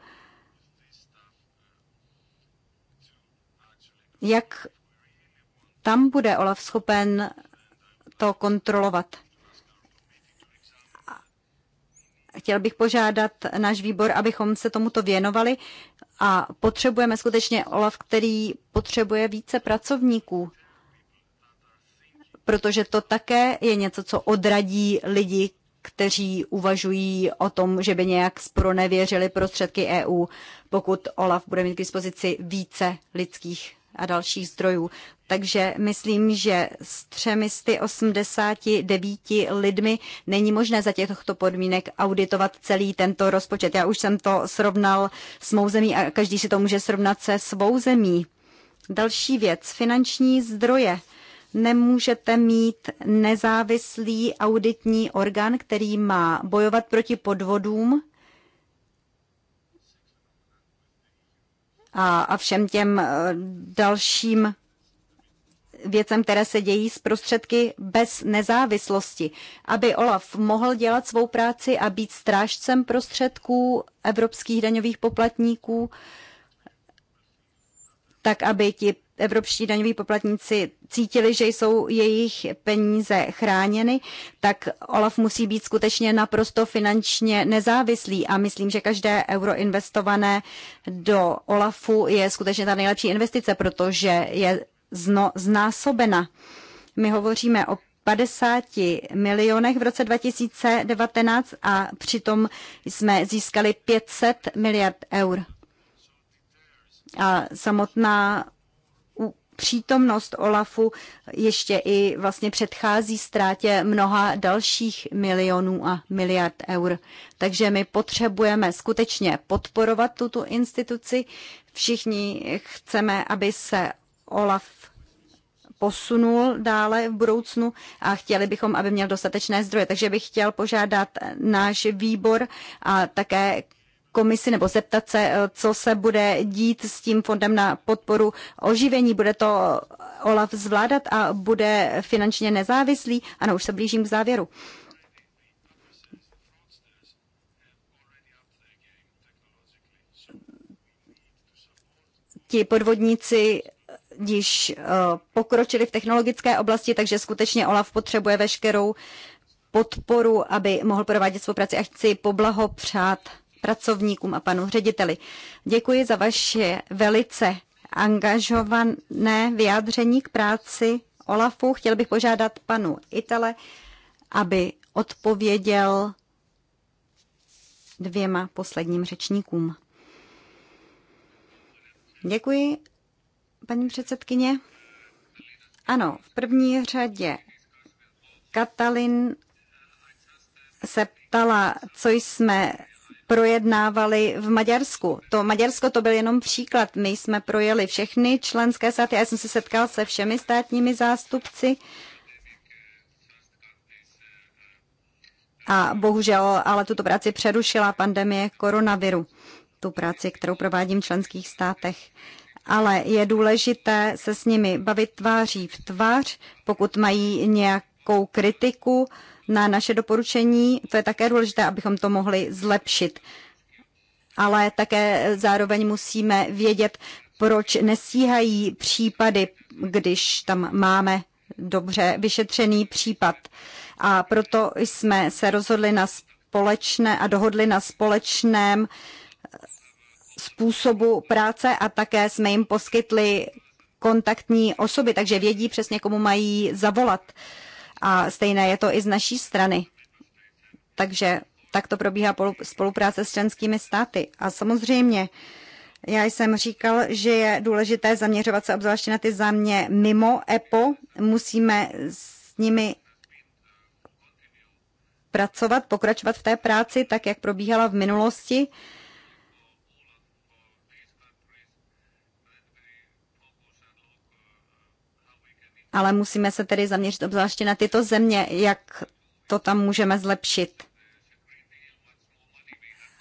jak tam bude Olaf schopen to kontrolovat. Chtěl bych požádat náš výbor, abychom se tomuto věnovali a potřebujeme skutečně OLAF, který potřebuje více pracovníků protože to také je něco, co odradí lidi, kteří uvažují o tom, že by nějak spronevěřili prostředky EU, pokud OLAF bude mít k dispozici více lidských a dalších zdrojů. Takže myslím, že s 389 lidmi není možné za těchto podmínek auditovat celý tento rozpočet. Já už jsem to srovnal s mou zemí a každý si to může srovnat se svou zemí. Další věc, finanční zdroje nemůžete mít nezávislý auditní orgán, který má bojovat proti podvodům a, a všem těm eh, dalším věcem, které se dějí z prostředky bez nezávislosti, aby Olaf mohl dělat svou práci a být strážcem prostředků evropských daňových poplatníků, tak aby ti evropští daňoví poplatníci cítili, že jsou jejich peníze chráněny, tak Olaf musí být skutečně naprosto finančně nezávislý a myslím, že každé euro investované do Olafu je skutečně ta nejlepší investice, protože je zno, znásobena. My hovoříme o 50 milionech v roce 2019 a přitom jsme získali 500 miliard eur. A samotná přítomnost OLAFu ještě i vlastně předchází ztrátě mnoha dalších milionů a miliard eur. Takže my potřebujeme skutečně podporovat tuto instituci. Všichni chceme, aby se OLAF posunul dále v budoucnu a chtěli bychom, aby měl dostatečné zdroje. Takže bych chtěl požádat náš výbor a také komisi nebo zeptat se, eh, co se bude dít s tím fondem na podporu oživení. Bude to OLAF zvládat a bude finančně nezávislý? Ano, už se blížím k závěru. Ti podvodníci již eh, pokročili v technologické oblasti, takže skutečně OLAF potřebuje veškerou podporu, aby mohl provádět svou práci a chci poblahopřát pracovníkům a panu řediteli. Děkuji za vaše velice angažované vyjádření k práci Olafu. Chtěl bych požádat panu Itele, aby odpověděl dvěma posledním řečníkům. Děkuji, paní předsedkyně. Ano, v první řadě Katalin se ptala, co jsme projednávali v Maďarsku. To Maďarsko to byl jenom příklad. My jsme projeli všechny členské státy. Já jsem se setkal se všemi státními zástupci. A bohužel ale tuto práci přerušila pandemie koronaviru, tu práci, kterou provádím v členských státech. Ale je důležité se s nimi bavit tváří v tvář, pokud mají nějakou kritiku, na naše doporučení. To je také důležité, abychom to mohli zlepšit. Ale také zároveň musíme vědět, proč nestíhají případy, když tam máme dobře vyšetřený případ. A proto jsme se rozhodli na společné a dohodli na společném eh, způsobu práce a také jsme jim poskytli kontaktní osoby, takže vědí přesně, komu mají zavolat. Uh, a stejné je to i z naší strany. Takže tak to probíhá spolupráce s členskými státy. A samozřejmě, já jsem říkal, že je důležité zaměřovat se obzvláště na ty zámě mimo EPO. Musíme s nimi pracovat, pokračovat v té práci, tak jak probíhala v minulosti. Uh, ale musíme se tedy zaměřit obzvláště na tyto země, jak to tam můžeme zlepšit.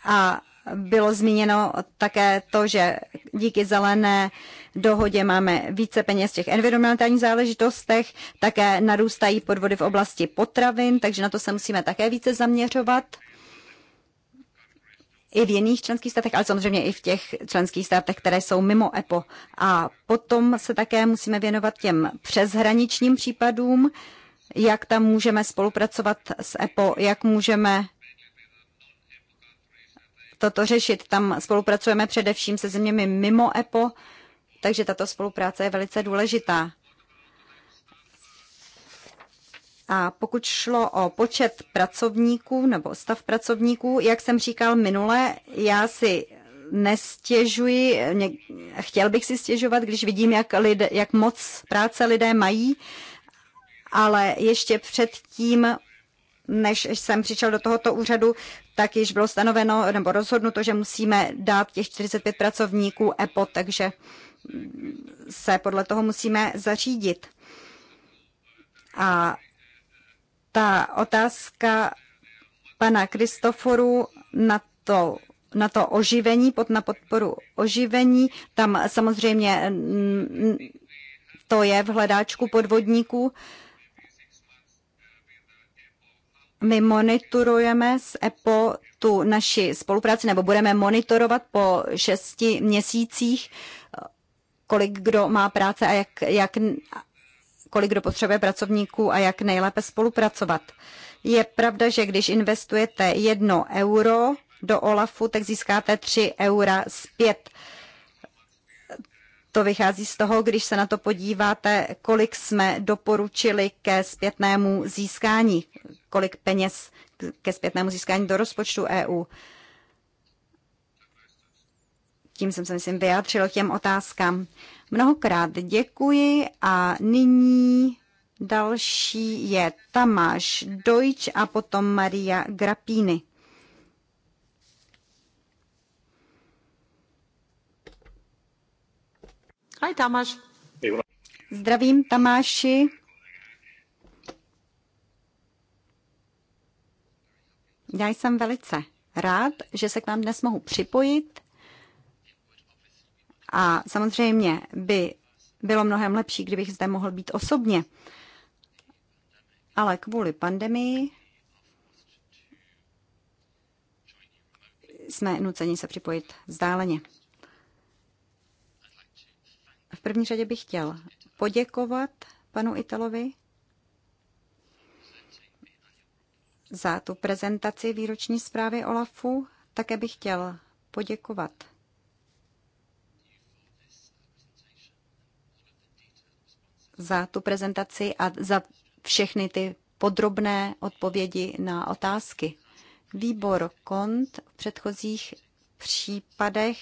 A bylo zmíněno také to, že díky zelené dohodě máme více peněz v těch environmentálních záležitostech, také narůstají podvody v oblasti potravin, takže na to se musíme také více zaměřovat i v jiných členských státech, ale samozřejmě i v těch členských státech, které jsou mimo EPO. A potom se také musíme věnovat těm přeshraničním případům, jak tam můžeme spolupracovat s EPO, jak můžeme toto řešit. Tam spolupracujeme především se zeměmi mimo EPO, takže tato spolupráce je velice důležitá. A pokud šlo o počet pracovníků nebo stav pracovníků, jak jsem říkal minule, já si nestěžuji, chtěl bych si stěžovat, když vidím, jak, lid, jak moc práce lidé mají, ale ještě předtím, než jsem přišel do tohoto úřadu, tak již bylo stanoveno nebo rozhodnuto, že musíme dát těch 45 pracovníků EPO, takže se podle toho musíme zařídit. A ta otázka pana Kristoforu na to na to oživení, pod, na podporu oživení. Tam samozřejmě to je v hledáčku podvodníků. My monitorujeme s EPO tu naši spolupráci, nebo budeme monitorovat po šesti měsících, kolik kdo má práce a jak, jak kolik kdo potřebuje pracovníků a jak nejlépe spolupracovat. Je pravda, že když investujete jedno euro do OLAFu, tak získáte tři eura zpět. To vychází z toho, když se na to podíváte, kolik jsme doporučili ke zpětnému získání, kolik peněz ke zpětnému získání do rozpočtu EU. Tím jsem se, myslím, vyjádřil těm otázkám. Mnohokrát děkuji a nyní další je Tamáš Dojč a potom Maria Grapíny. Hi, Tamáš. Zdravím, Tamáši. Já jsem velice rád, že se k vám dnes mohu připojit a samozřejmě by bylo mnohem lepší, kdybych zde mohl být osobně. Ale kvůli pandemii jsme nuceni se připojit vzdáleně. V první řadě bych chtěl poděkovat panu Italovi za tu prezentaci výroční zprávy OLAFu. Také bych chtěl poděkovat za tu prezentaci a za všechny ty podrobné odpovědi na otázky. Výbor KONT v předchozích případech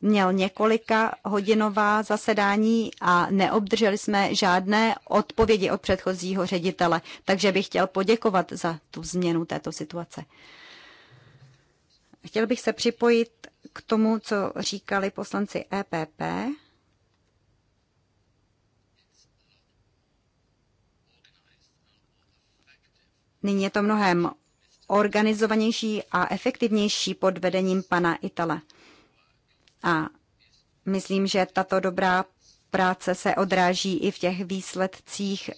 měl několika hodinová zasedání a neobdrželi jsme žádné odpovědi od předchozího ředitele, takže bych chtěl poděkovat za tu změnu této situace. Chtěl bych se připojit k tomu, co říkali poslanci EPP Nyní je to mnohem organizovanější a efektivnější pod vedením pana Itala. A myslím, že tato dobrá práce se odráží i v těch výsledcích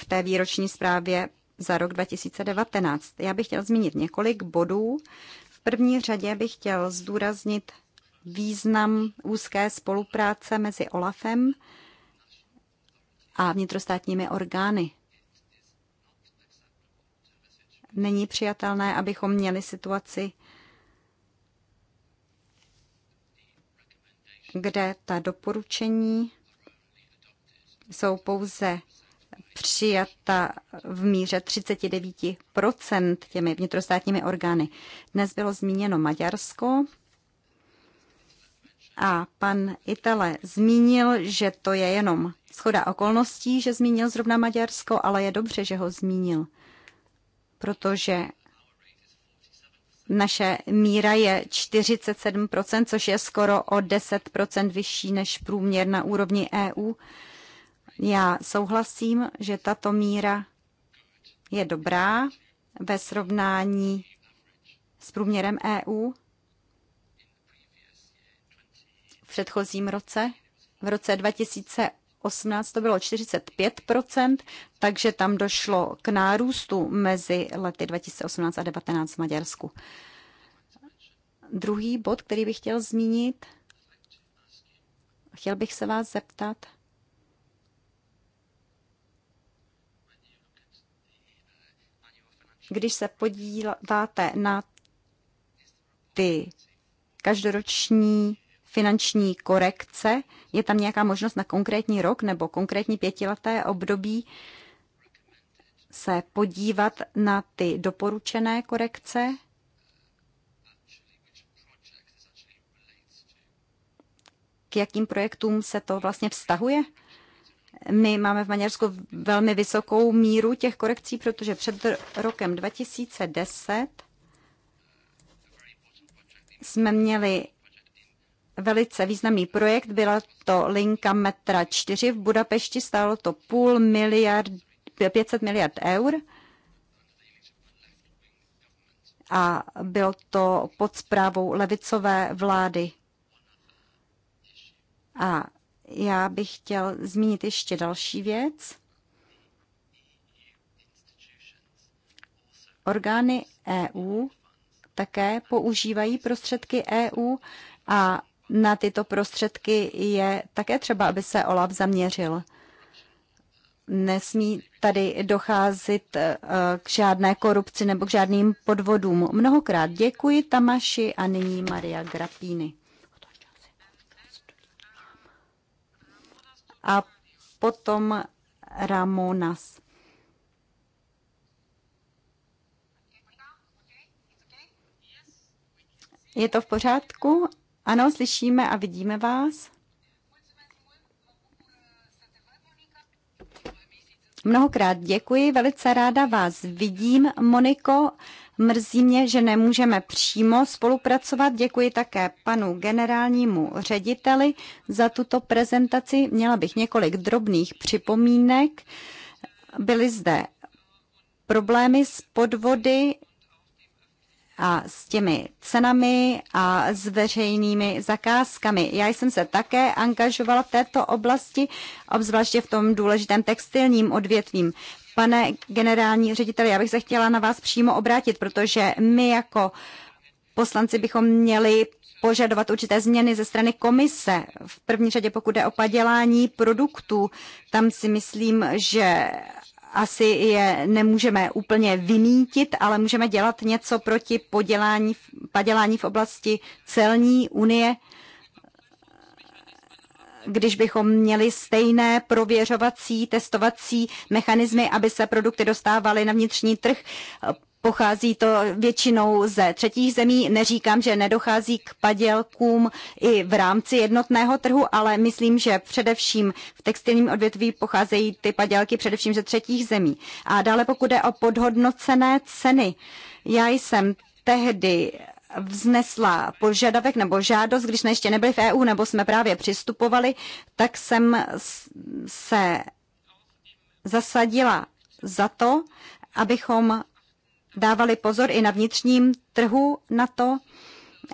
v té výroční zprávě za rok 2019. Já bych chtěl zmínit několik bodů. V první řadě bych chtěl zdůraznit význam úzké spolupráce mezi OLAFem a vnitrostátními orgány. Není přijatelné, abychom měli situaci, kde ta doporučení jsou pouze přijata v míře 39% těmi vnitrostátními orgány. Dnes bylo zmíněno Maďarsko a pan Itale zmínil, že to je jenom schoda okolností, že zmínil zrovna Maďarsko, ale je dobře, že ho zmínil protože naše míra je 47%, což je skoro o 10% vyšší než průměr na úrovni EU. Já souhlasím, že tato míra je dobrá ve srovnání s průměrem EU v předchozím roce. V roce 2018 to bylo 45 takže tam došlo k nárůstu mezi lety 2018 a 2019 v Maďarsku. Druhý bod, který bych chtěl zmínit, chtěl bych se vás zeptat, když se podíváte na ty každoroční finanční korekce? Je tam nějaká možnost na konkrétní rok nebo konkrétní pětileté období se podívat na ty doporučené korekce? K jakým projektům se to vlastně vztahuje? My máme v Maďarsku velmi vysokou míru těch korekcí, protože před rokem 2010 jsme měli velice významný projekt. Byla to linka metra 4 v Budapešti, stálo to půl miliard, 500 miliard eur a bylo to pod zprávou levicové vlády. A já bych chtěl zmínit ještě další věc. Orgány EU také používají prostředky EU a na tyto prostředky je také třeba, aby se OLAF zaměřil. Nesmí tady docházet eh, k žádné korupci nebo k žádným podvodům. Mnohokrát děkuji Tamaši a nyní Maria Grapíny. A potom Ramonas. Je to v pořádku? Ano, slyšíme a vidíme vás. Mnohokrát děkuji, velice ráda vás vidím, Moniko. Mrzí mě, že nemůžeme přímo spolupracovat. Děkuji také panu generálnímu řediteli za tuto prezentaci. Měla bych několik drobných připomínek. Byly zde problémy s podvody a s těmi cenami a s veřejnými zakázkami. Já jsem se také angažovala v této oblasti, obzvláště v tom důležitém textilním odvětvím. Pane generální řediteli, já bych se chtěla na vás přímo obrátit, protože my jako poslanci bychom měli požadovat určité změny ze strany komise. V první řadě, pokud jde o padělání produktů, tam si myslím, že asi je nemůžeme úplně vymítit, ale můžeme dělat něco proti podělání, padělání v oblasti celní unie, když bychom měli stejné prověřovací, testovací mechanismy, aby se produkty dostávaly na vnitřní trh. Pochází to většinou ze třetích zemí. Neříkám, že nedochází k padělkům i v rámci jednotného trhu, ale myslím, že především v textilním odvětví pocházejí ty padělky především ze třetích zemí. A dále pokud je o podhodnocené ceny. Já jsem tehdy vznesla požadavek nebo žádost, když jsme ještě nebyli v EU nebo jsme právě přistupovali, tak jsem se zasadila za to, abychom dávali pozor i na vnitřním trhu na to,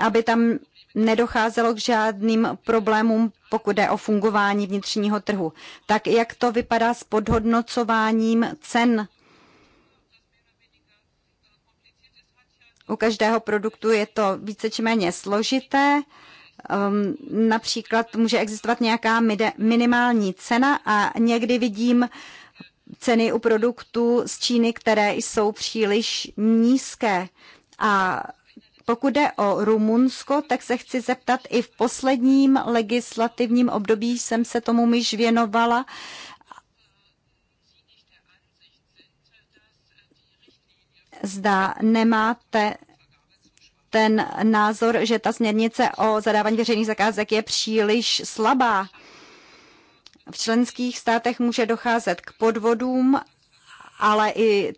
aby tam nedocházelo k žádným problémům, pokud jde o fungování vnitřního trhu. Tak jak to vypadá s podhodnocováním cen? U každého produktu je to více či méně složité. Um, například může existovat nějaká minimální cena a někdy vidím ceny u produktů z Číny, které jsou příliš nízké. A pokud jde o Rumunsko, tak se chci zeptat, i v posledním legislativním období jsem se tomu již věnovala. Zda nemáte ten názor, že ta směrnice o zadávání veřejných zakázek je příliš slabá. V členských státech může docházet k podvodům, ale i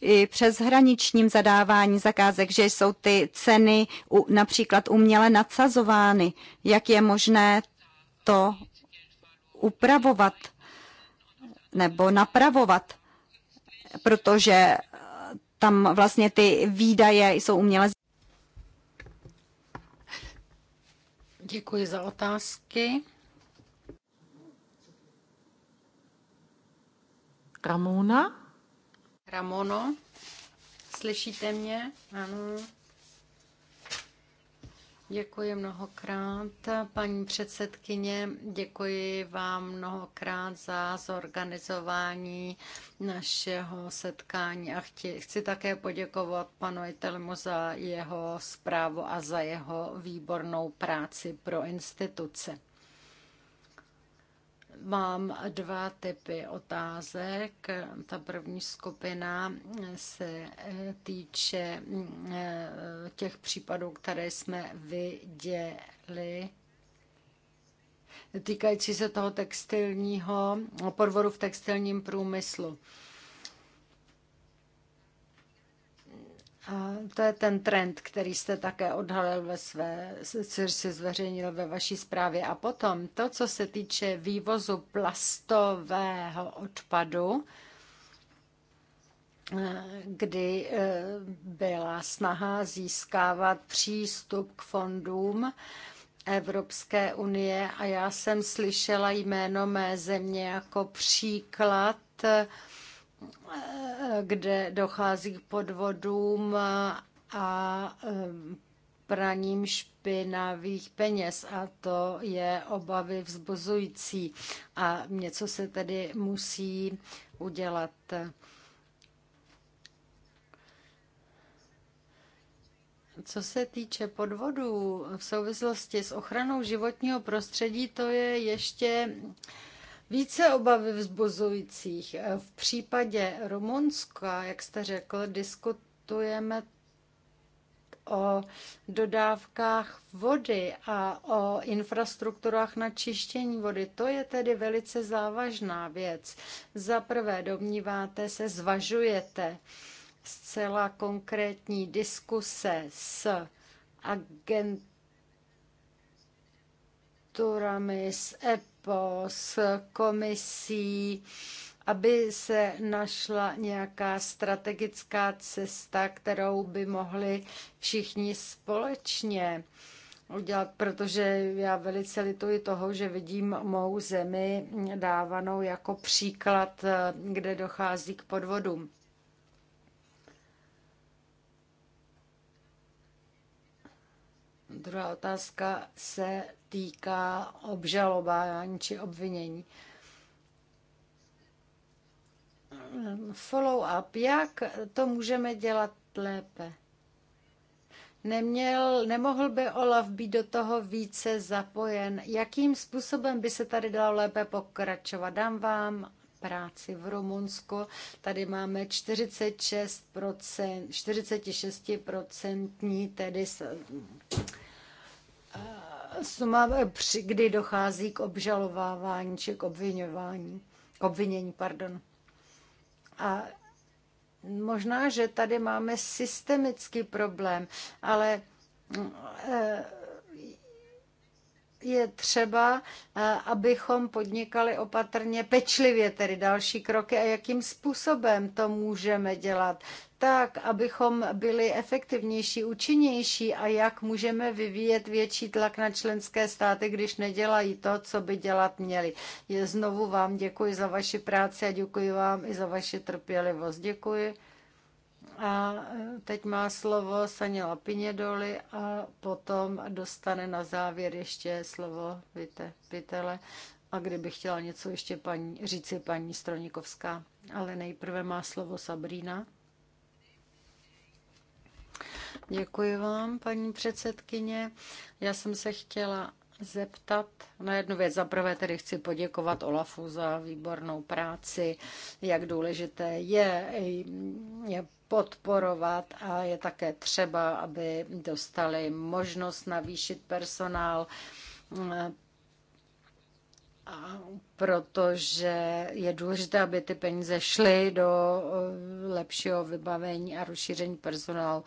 i přes hraničním zadávání zakázek, že jsou ty ceny například uměle nadsazovány. Jak je možné to upravovat nebo napravovat, protože tam vlastně ty výdaje jsou uměle. Děkuji za otázky. Ramona? Ramono? Slyšíte mě? Ano. Děkuji mnohokrát, paní předsedkyně. Děkuji vám mnohokrát za zorganizování našeho setkání a chci, chci také poděkovat panu Itelmu za jeho zprávu a za jeho výbornou práci pro instituce. Mám dva typy otázek. Ta první skupina se eh, týče mm, eh, těch případů, které jsme viděli týkající se toho textilního podvodu v textilním průmyslu. A to je ten trend, který jste také odhalil ve své, co se zveřejnil ve vaší zprávě. A potom to, co se týče vývozu plastového odpadu, kdy eh, byla snaha získávat přístup k fondům Evropské unie a já jsem slyšela jméno mé země jako příklad eh, kde dochází k podvodům a praním špinavých peněz a to je obavy vzbuzující a něco se tedy musí udělat. Co se týče podvodů v souvislosti s ochranou životního prostředí, to je ještě více obavy vzbuzujících. E, v případě Rumunska, jak jste řekl, diskutujeme o dodávkách vody a o infrastrukturách na čištění vody. To je tedy velice závažná věc. Za prvé domníváte se, zvažujete zcela konkrétní diskuse s agenturami, s EP, po s komisí, aby se našla nějaká strategická cesta, kterou by mohli všichni společně udělat, protože já velice lituji toho, že vidím mou zemi dávanou jako příklad, kde dochází k podvodům. Druhá otázka se týká obžalování či obvinění. Follow-up. Jak to můžeme dělat lépe? Neměl, nemohl by Olaf být do toho více zapojen? Jakým způsobem by se tady dalo lépe pokračovat? Dám vám práci v Rumunsku. Tady máme 46%, 46% tedy suma, kdy dochází k obžalovávání či k obvinování, k obvinění, pardon. A možná, že tady máme systemický problém, ale mm, eh, je třeba, eh, abychom podnikali opatrně, pečlivě tedy další kroky a jakým způsobem to můžeme dělat, tak, abychom byli efektivnější, účinnější a jak můžeme vyvíjet větší tlak na členské státy, když nedělají to, co by dělat měli. Je Znovu vám děkuji za vaši práci a děkuji vám i za vaši trpělivost. Děkuji. A eh, teď má slovo Saněla Pinědoli a potom dostane na závěr ještě slovo Vite, Pitele. A kdyby chtěla něco ještě paní, říci paní Stronikovská, ale nejprve má slovo Sabrina. Děkuji vám, paní předsedkyně. Já jsem se chtěla zeptat na jednu věc. Za prvé tedy chci poděkovat Olafu za výbornou práci, jak důležité je, je podporovat a je také třeba, aby dostali možnost navýšit personál, protože je důležité, aby ty peníze šly do lepšího vybavení a rozšíření personálu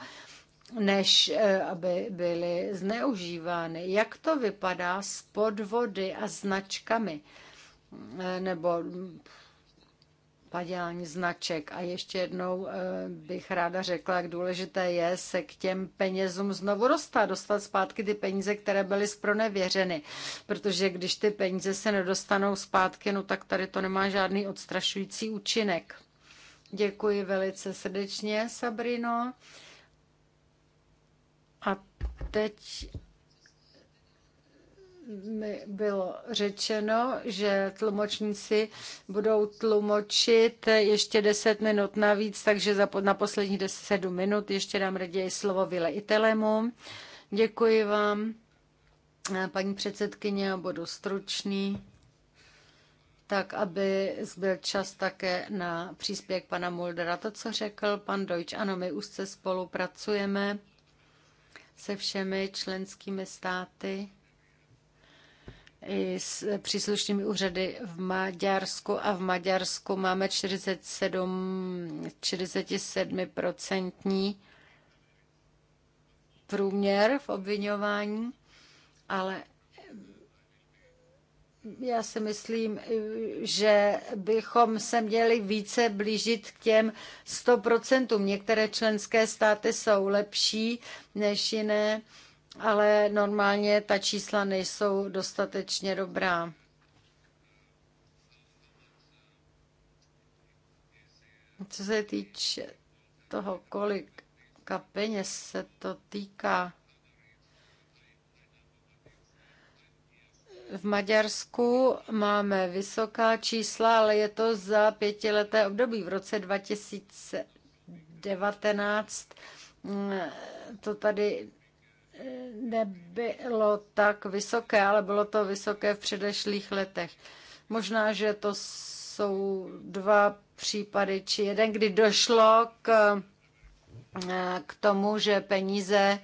než eh, aby byly zneužívány. Jak to vypadá s podvody a značkami? Eh, nebo padělání značek. A ještě jednou eh, bych ráda řekla, jak důležité je se k těm penězům znovu dostat, dostat zpátky ty peníze, které byly zpronevěřeny, Protože když ty peníze se nedostanou zpátky, no tak tady to nemá žádný odstrašující účinek. Děkuji velice srdečně, Sabrino. A teď mi bylo řečeno, že tlumočníci budou tlumočit ještě 10 minut navíc, takže za, na posledních 10, 7 minut ještě dám raději slovo Vile Itelemu. Děkuji vám, eh, paní předsedkyně, budu stručný, tak aby zbyl čas také na příspěch pana Muldera. To, co řekl pan Dojč, ano, my už se spolupracujeme se všemi členskými státy i s příslušnými úřady v Maďarsku a v Maďarsku máme 47, 47% průměr v obvinování, ale já si myslím, že bychom se měli více blížit k těm 100%. Některé členské státy jsou lepší než jiné, ale normálně ta čísla nejsou dostatečně dobrá. Co se týče toho, kolik peněz se to týká, V Maďarsku máme vysoká čísla, ale je to za pětileté období. V roce 2019 mm, to tady eh, nebylo tak vysoké, ale bylo to vysoké v předešlých letech. Možná, že to jsou dva případy, či jeden, kdy došlo k, eh, k tomu, že peníze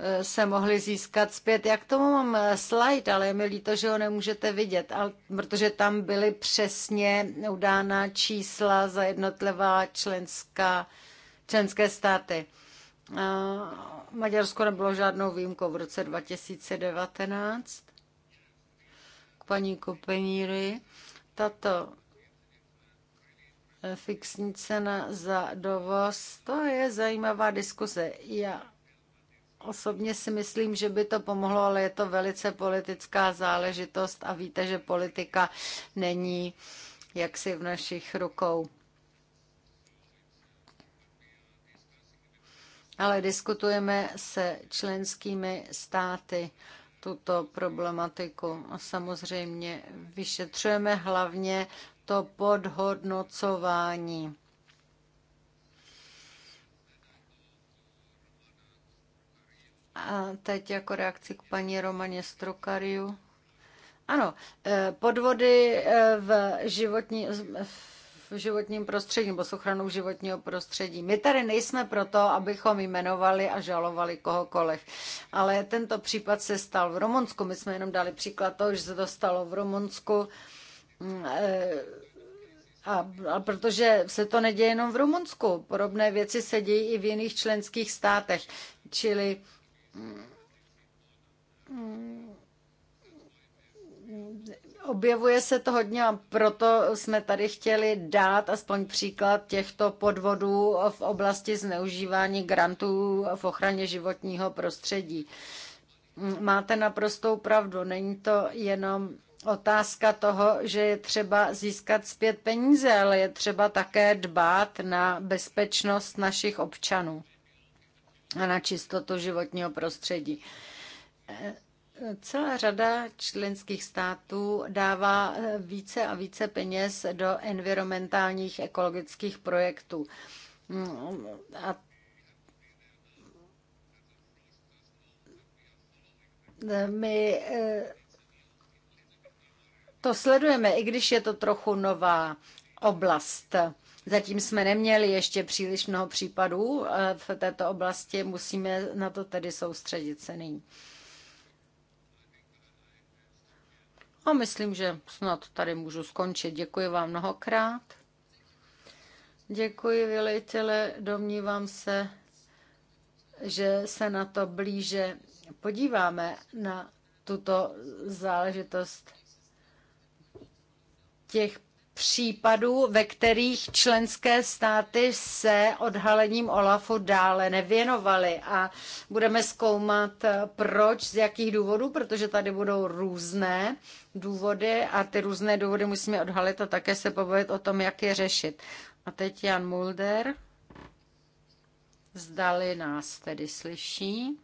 Eh, se mohli získat zpět. Jak tomu mám eh, slide, ale je mi líto, že ho nemůžete vidět, ale, protože tam byly přesně udána čísla za jednotlivá členská, členské státy. Eh, Maďarsko nebylo žádnou výjimkou v roce 2019. K paní Kopeníry. Tato fixní cena za dovoz, to je zajímavá diskuze. Já Osobně si myslím, že by to pomohlo, ale je to velice politická záležitost a víte, že politika není jaksi v našich rukou. Ale diskutujeme se členskými státy tuto problematiku a samozřejmě vyšetřujeme hlavně to podhodnocování A teď jako reakci k paní Romaně Strokariu. Ano, e, podvody e, v, životní, v životním prostředí nebo s ochranou životního prostředí. My tady nejsme proto, abychom jmenovali a žalovali kohokoliv, ale tento případ se stal v Rumunsku. My jsme jenom dali příklad toho, že se to stalo v Rumunsku. Mm, e, a, a protože se to neděje jenom v Rumunsku, podobné věci se dějí i v jiných členských státech. Čili Objevuje se to hodně a proto jsme tady chtěli dát aspoň příklad těchto podvodů v oblasti zneužívání grantů v ochraně životního prostředí. Máte naprostou pravdu, není to jenom otázka toho, že je třeba získat zpět peníze, ale je třeba také dbát na bezpečnost našich občanů a na čistotu životního prostředí. Celá řada členských států dává více a více peněz do environmentálních ekologických projektů. A my to sledujeme, i když je to trochu nová oblast. Zatím jsme neměli ještě příliš mnoho případů eh, v této oblasti, musíme na to tedy soustředit se nyní. A myslím, že snad tady můžu skončit. Děkuji vám mnohokrát. Děkuji, vylejtele. Domnívám se, že se na to blíže podíváme na tuto záležitost těch případů, ve kterých členské státy se odhalením OLAFu dále nevěnovaly. A budeme zkoumat, proč, z jakých důvodů, protože tady budou různé důvody a ty různé důvody musíme odhalit a také se pobavit o tom, jak je řešit. A teď Jan Mulder. Zdali nás tedy slyší.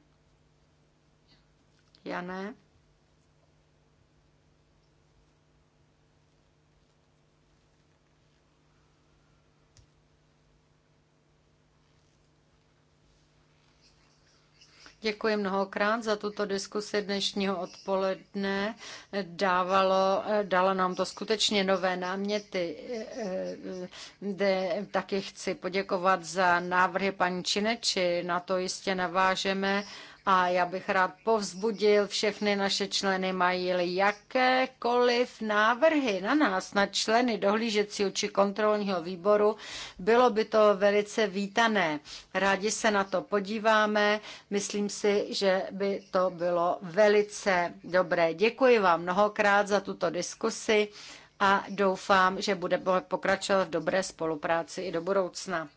Jané? Děkuji mnohokrát za tuto diskusi dnešního odpoledne. Dávalo, dala nám to skutečně nové náměty, De, taky chci poděkovat za návrhy paní Čineči. Na to jistě navážeme a já bych rád povzbudil všechny naše členy, mají li jakékoliv návrhy na nás, na členy dohlížecího či kontrolního výboru, bylo by to velice vítané. Rádi se na to podíváme. Myslím si, že by to bylo velice dobré. Děkuji vám mnohokrát za tuto diskusi a doufám, že bude pokračovat v dobré spolupráci i do budoucna.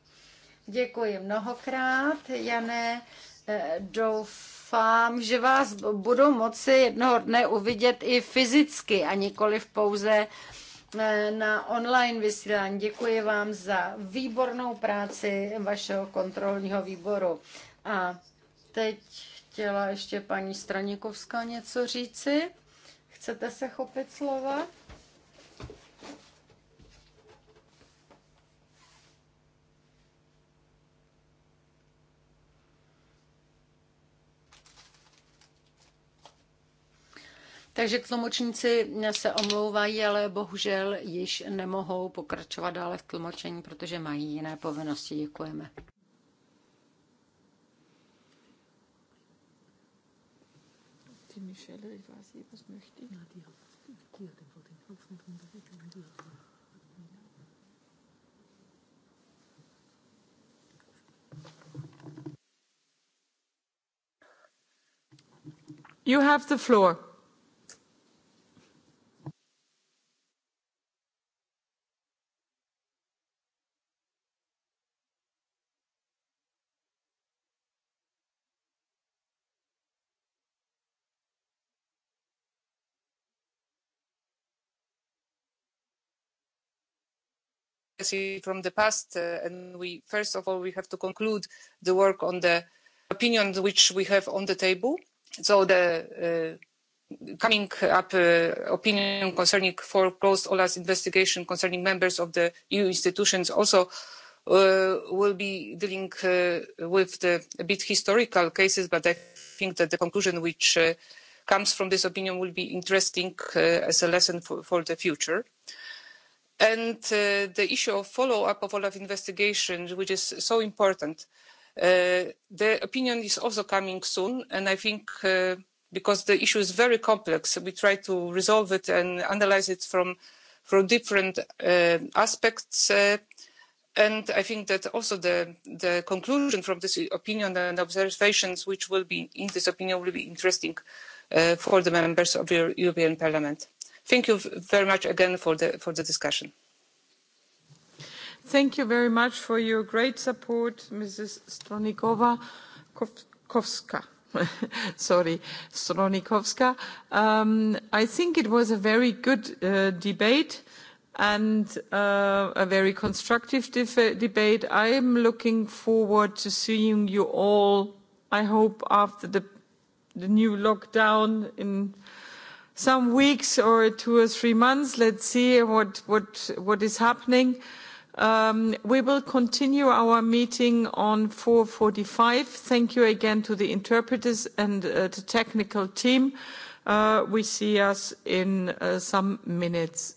Děkuji mnohokrát, Jané. Eh, doufám, že vás budu moci jednoho dne uvidět i fyzicky a nikoli pouze eh, na online vysílání. Děkuji vám za výbornou práci vašeho kontrolního výboru. A teď chtěla ještě paní Stranikovská něco říci. Chcete se chopit slova? Takže tlumočníci se omlouvají, ale bohužel již nemohou pokračovat dále v tlumočení, protože mají jiné povinnosti. Děkujeme. You have the floor. legacy from the past uh, and we first of all we have to conclude the work on the opinion which we have on the table so the uh, coming up uh, opinion concerning foreclosed Olas investigation concerning members of the EU institutions also uh, will be dealing uh, with the a bit historical cases, but I think that the conclusion which uh, comes from this opinion will be interesting uh, as a lesson for, for the future. Uh, and uh, the issue of follow up of olaf investigation which is so important uh, the opinion is also coming soon and i think uh, because the issue is very complex we try to resolve it and analyze it from from different uh, aspects uh, and i think that also the the conclusion from this opinion and observations which will be in this opinion will be interesting uh, for the members of the european parliament Thank you very much again for the, for the discussion. Thank you very much for your great support, Mrs. Stronikova. Kovska. Sorry, Stronikovska. Um, I think it was a very good uh, debate and uh, a very constructive debate. I am looking forward to seeing you all, I hope, after the, the new lockdown in some weeks or two or three months. Let's see what, what, what is happening. Um, we will continue our meeting on 4:45. Thank you again to the interpreters and uh, the technical team. Uh, we see us in uh, some minutes.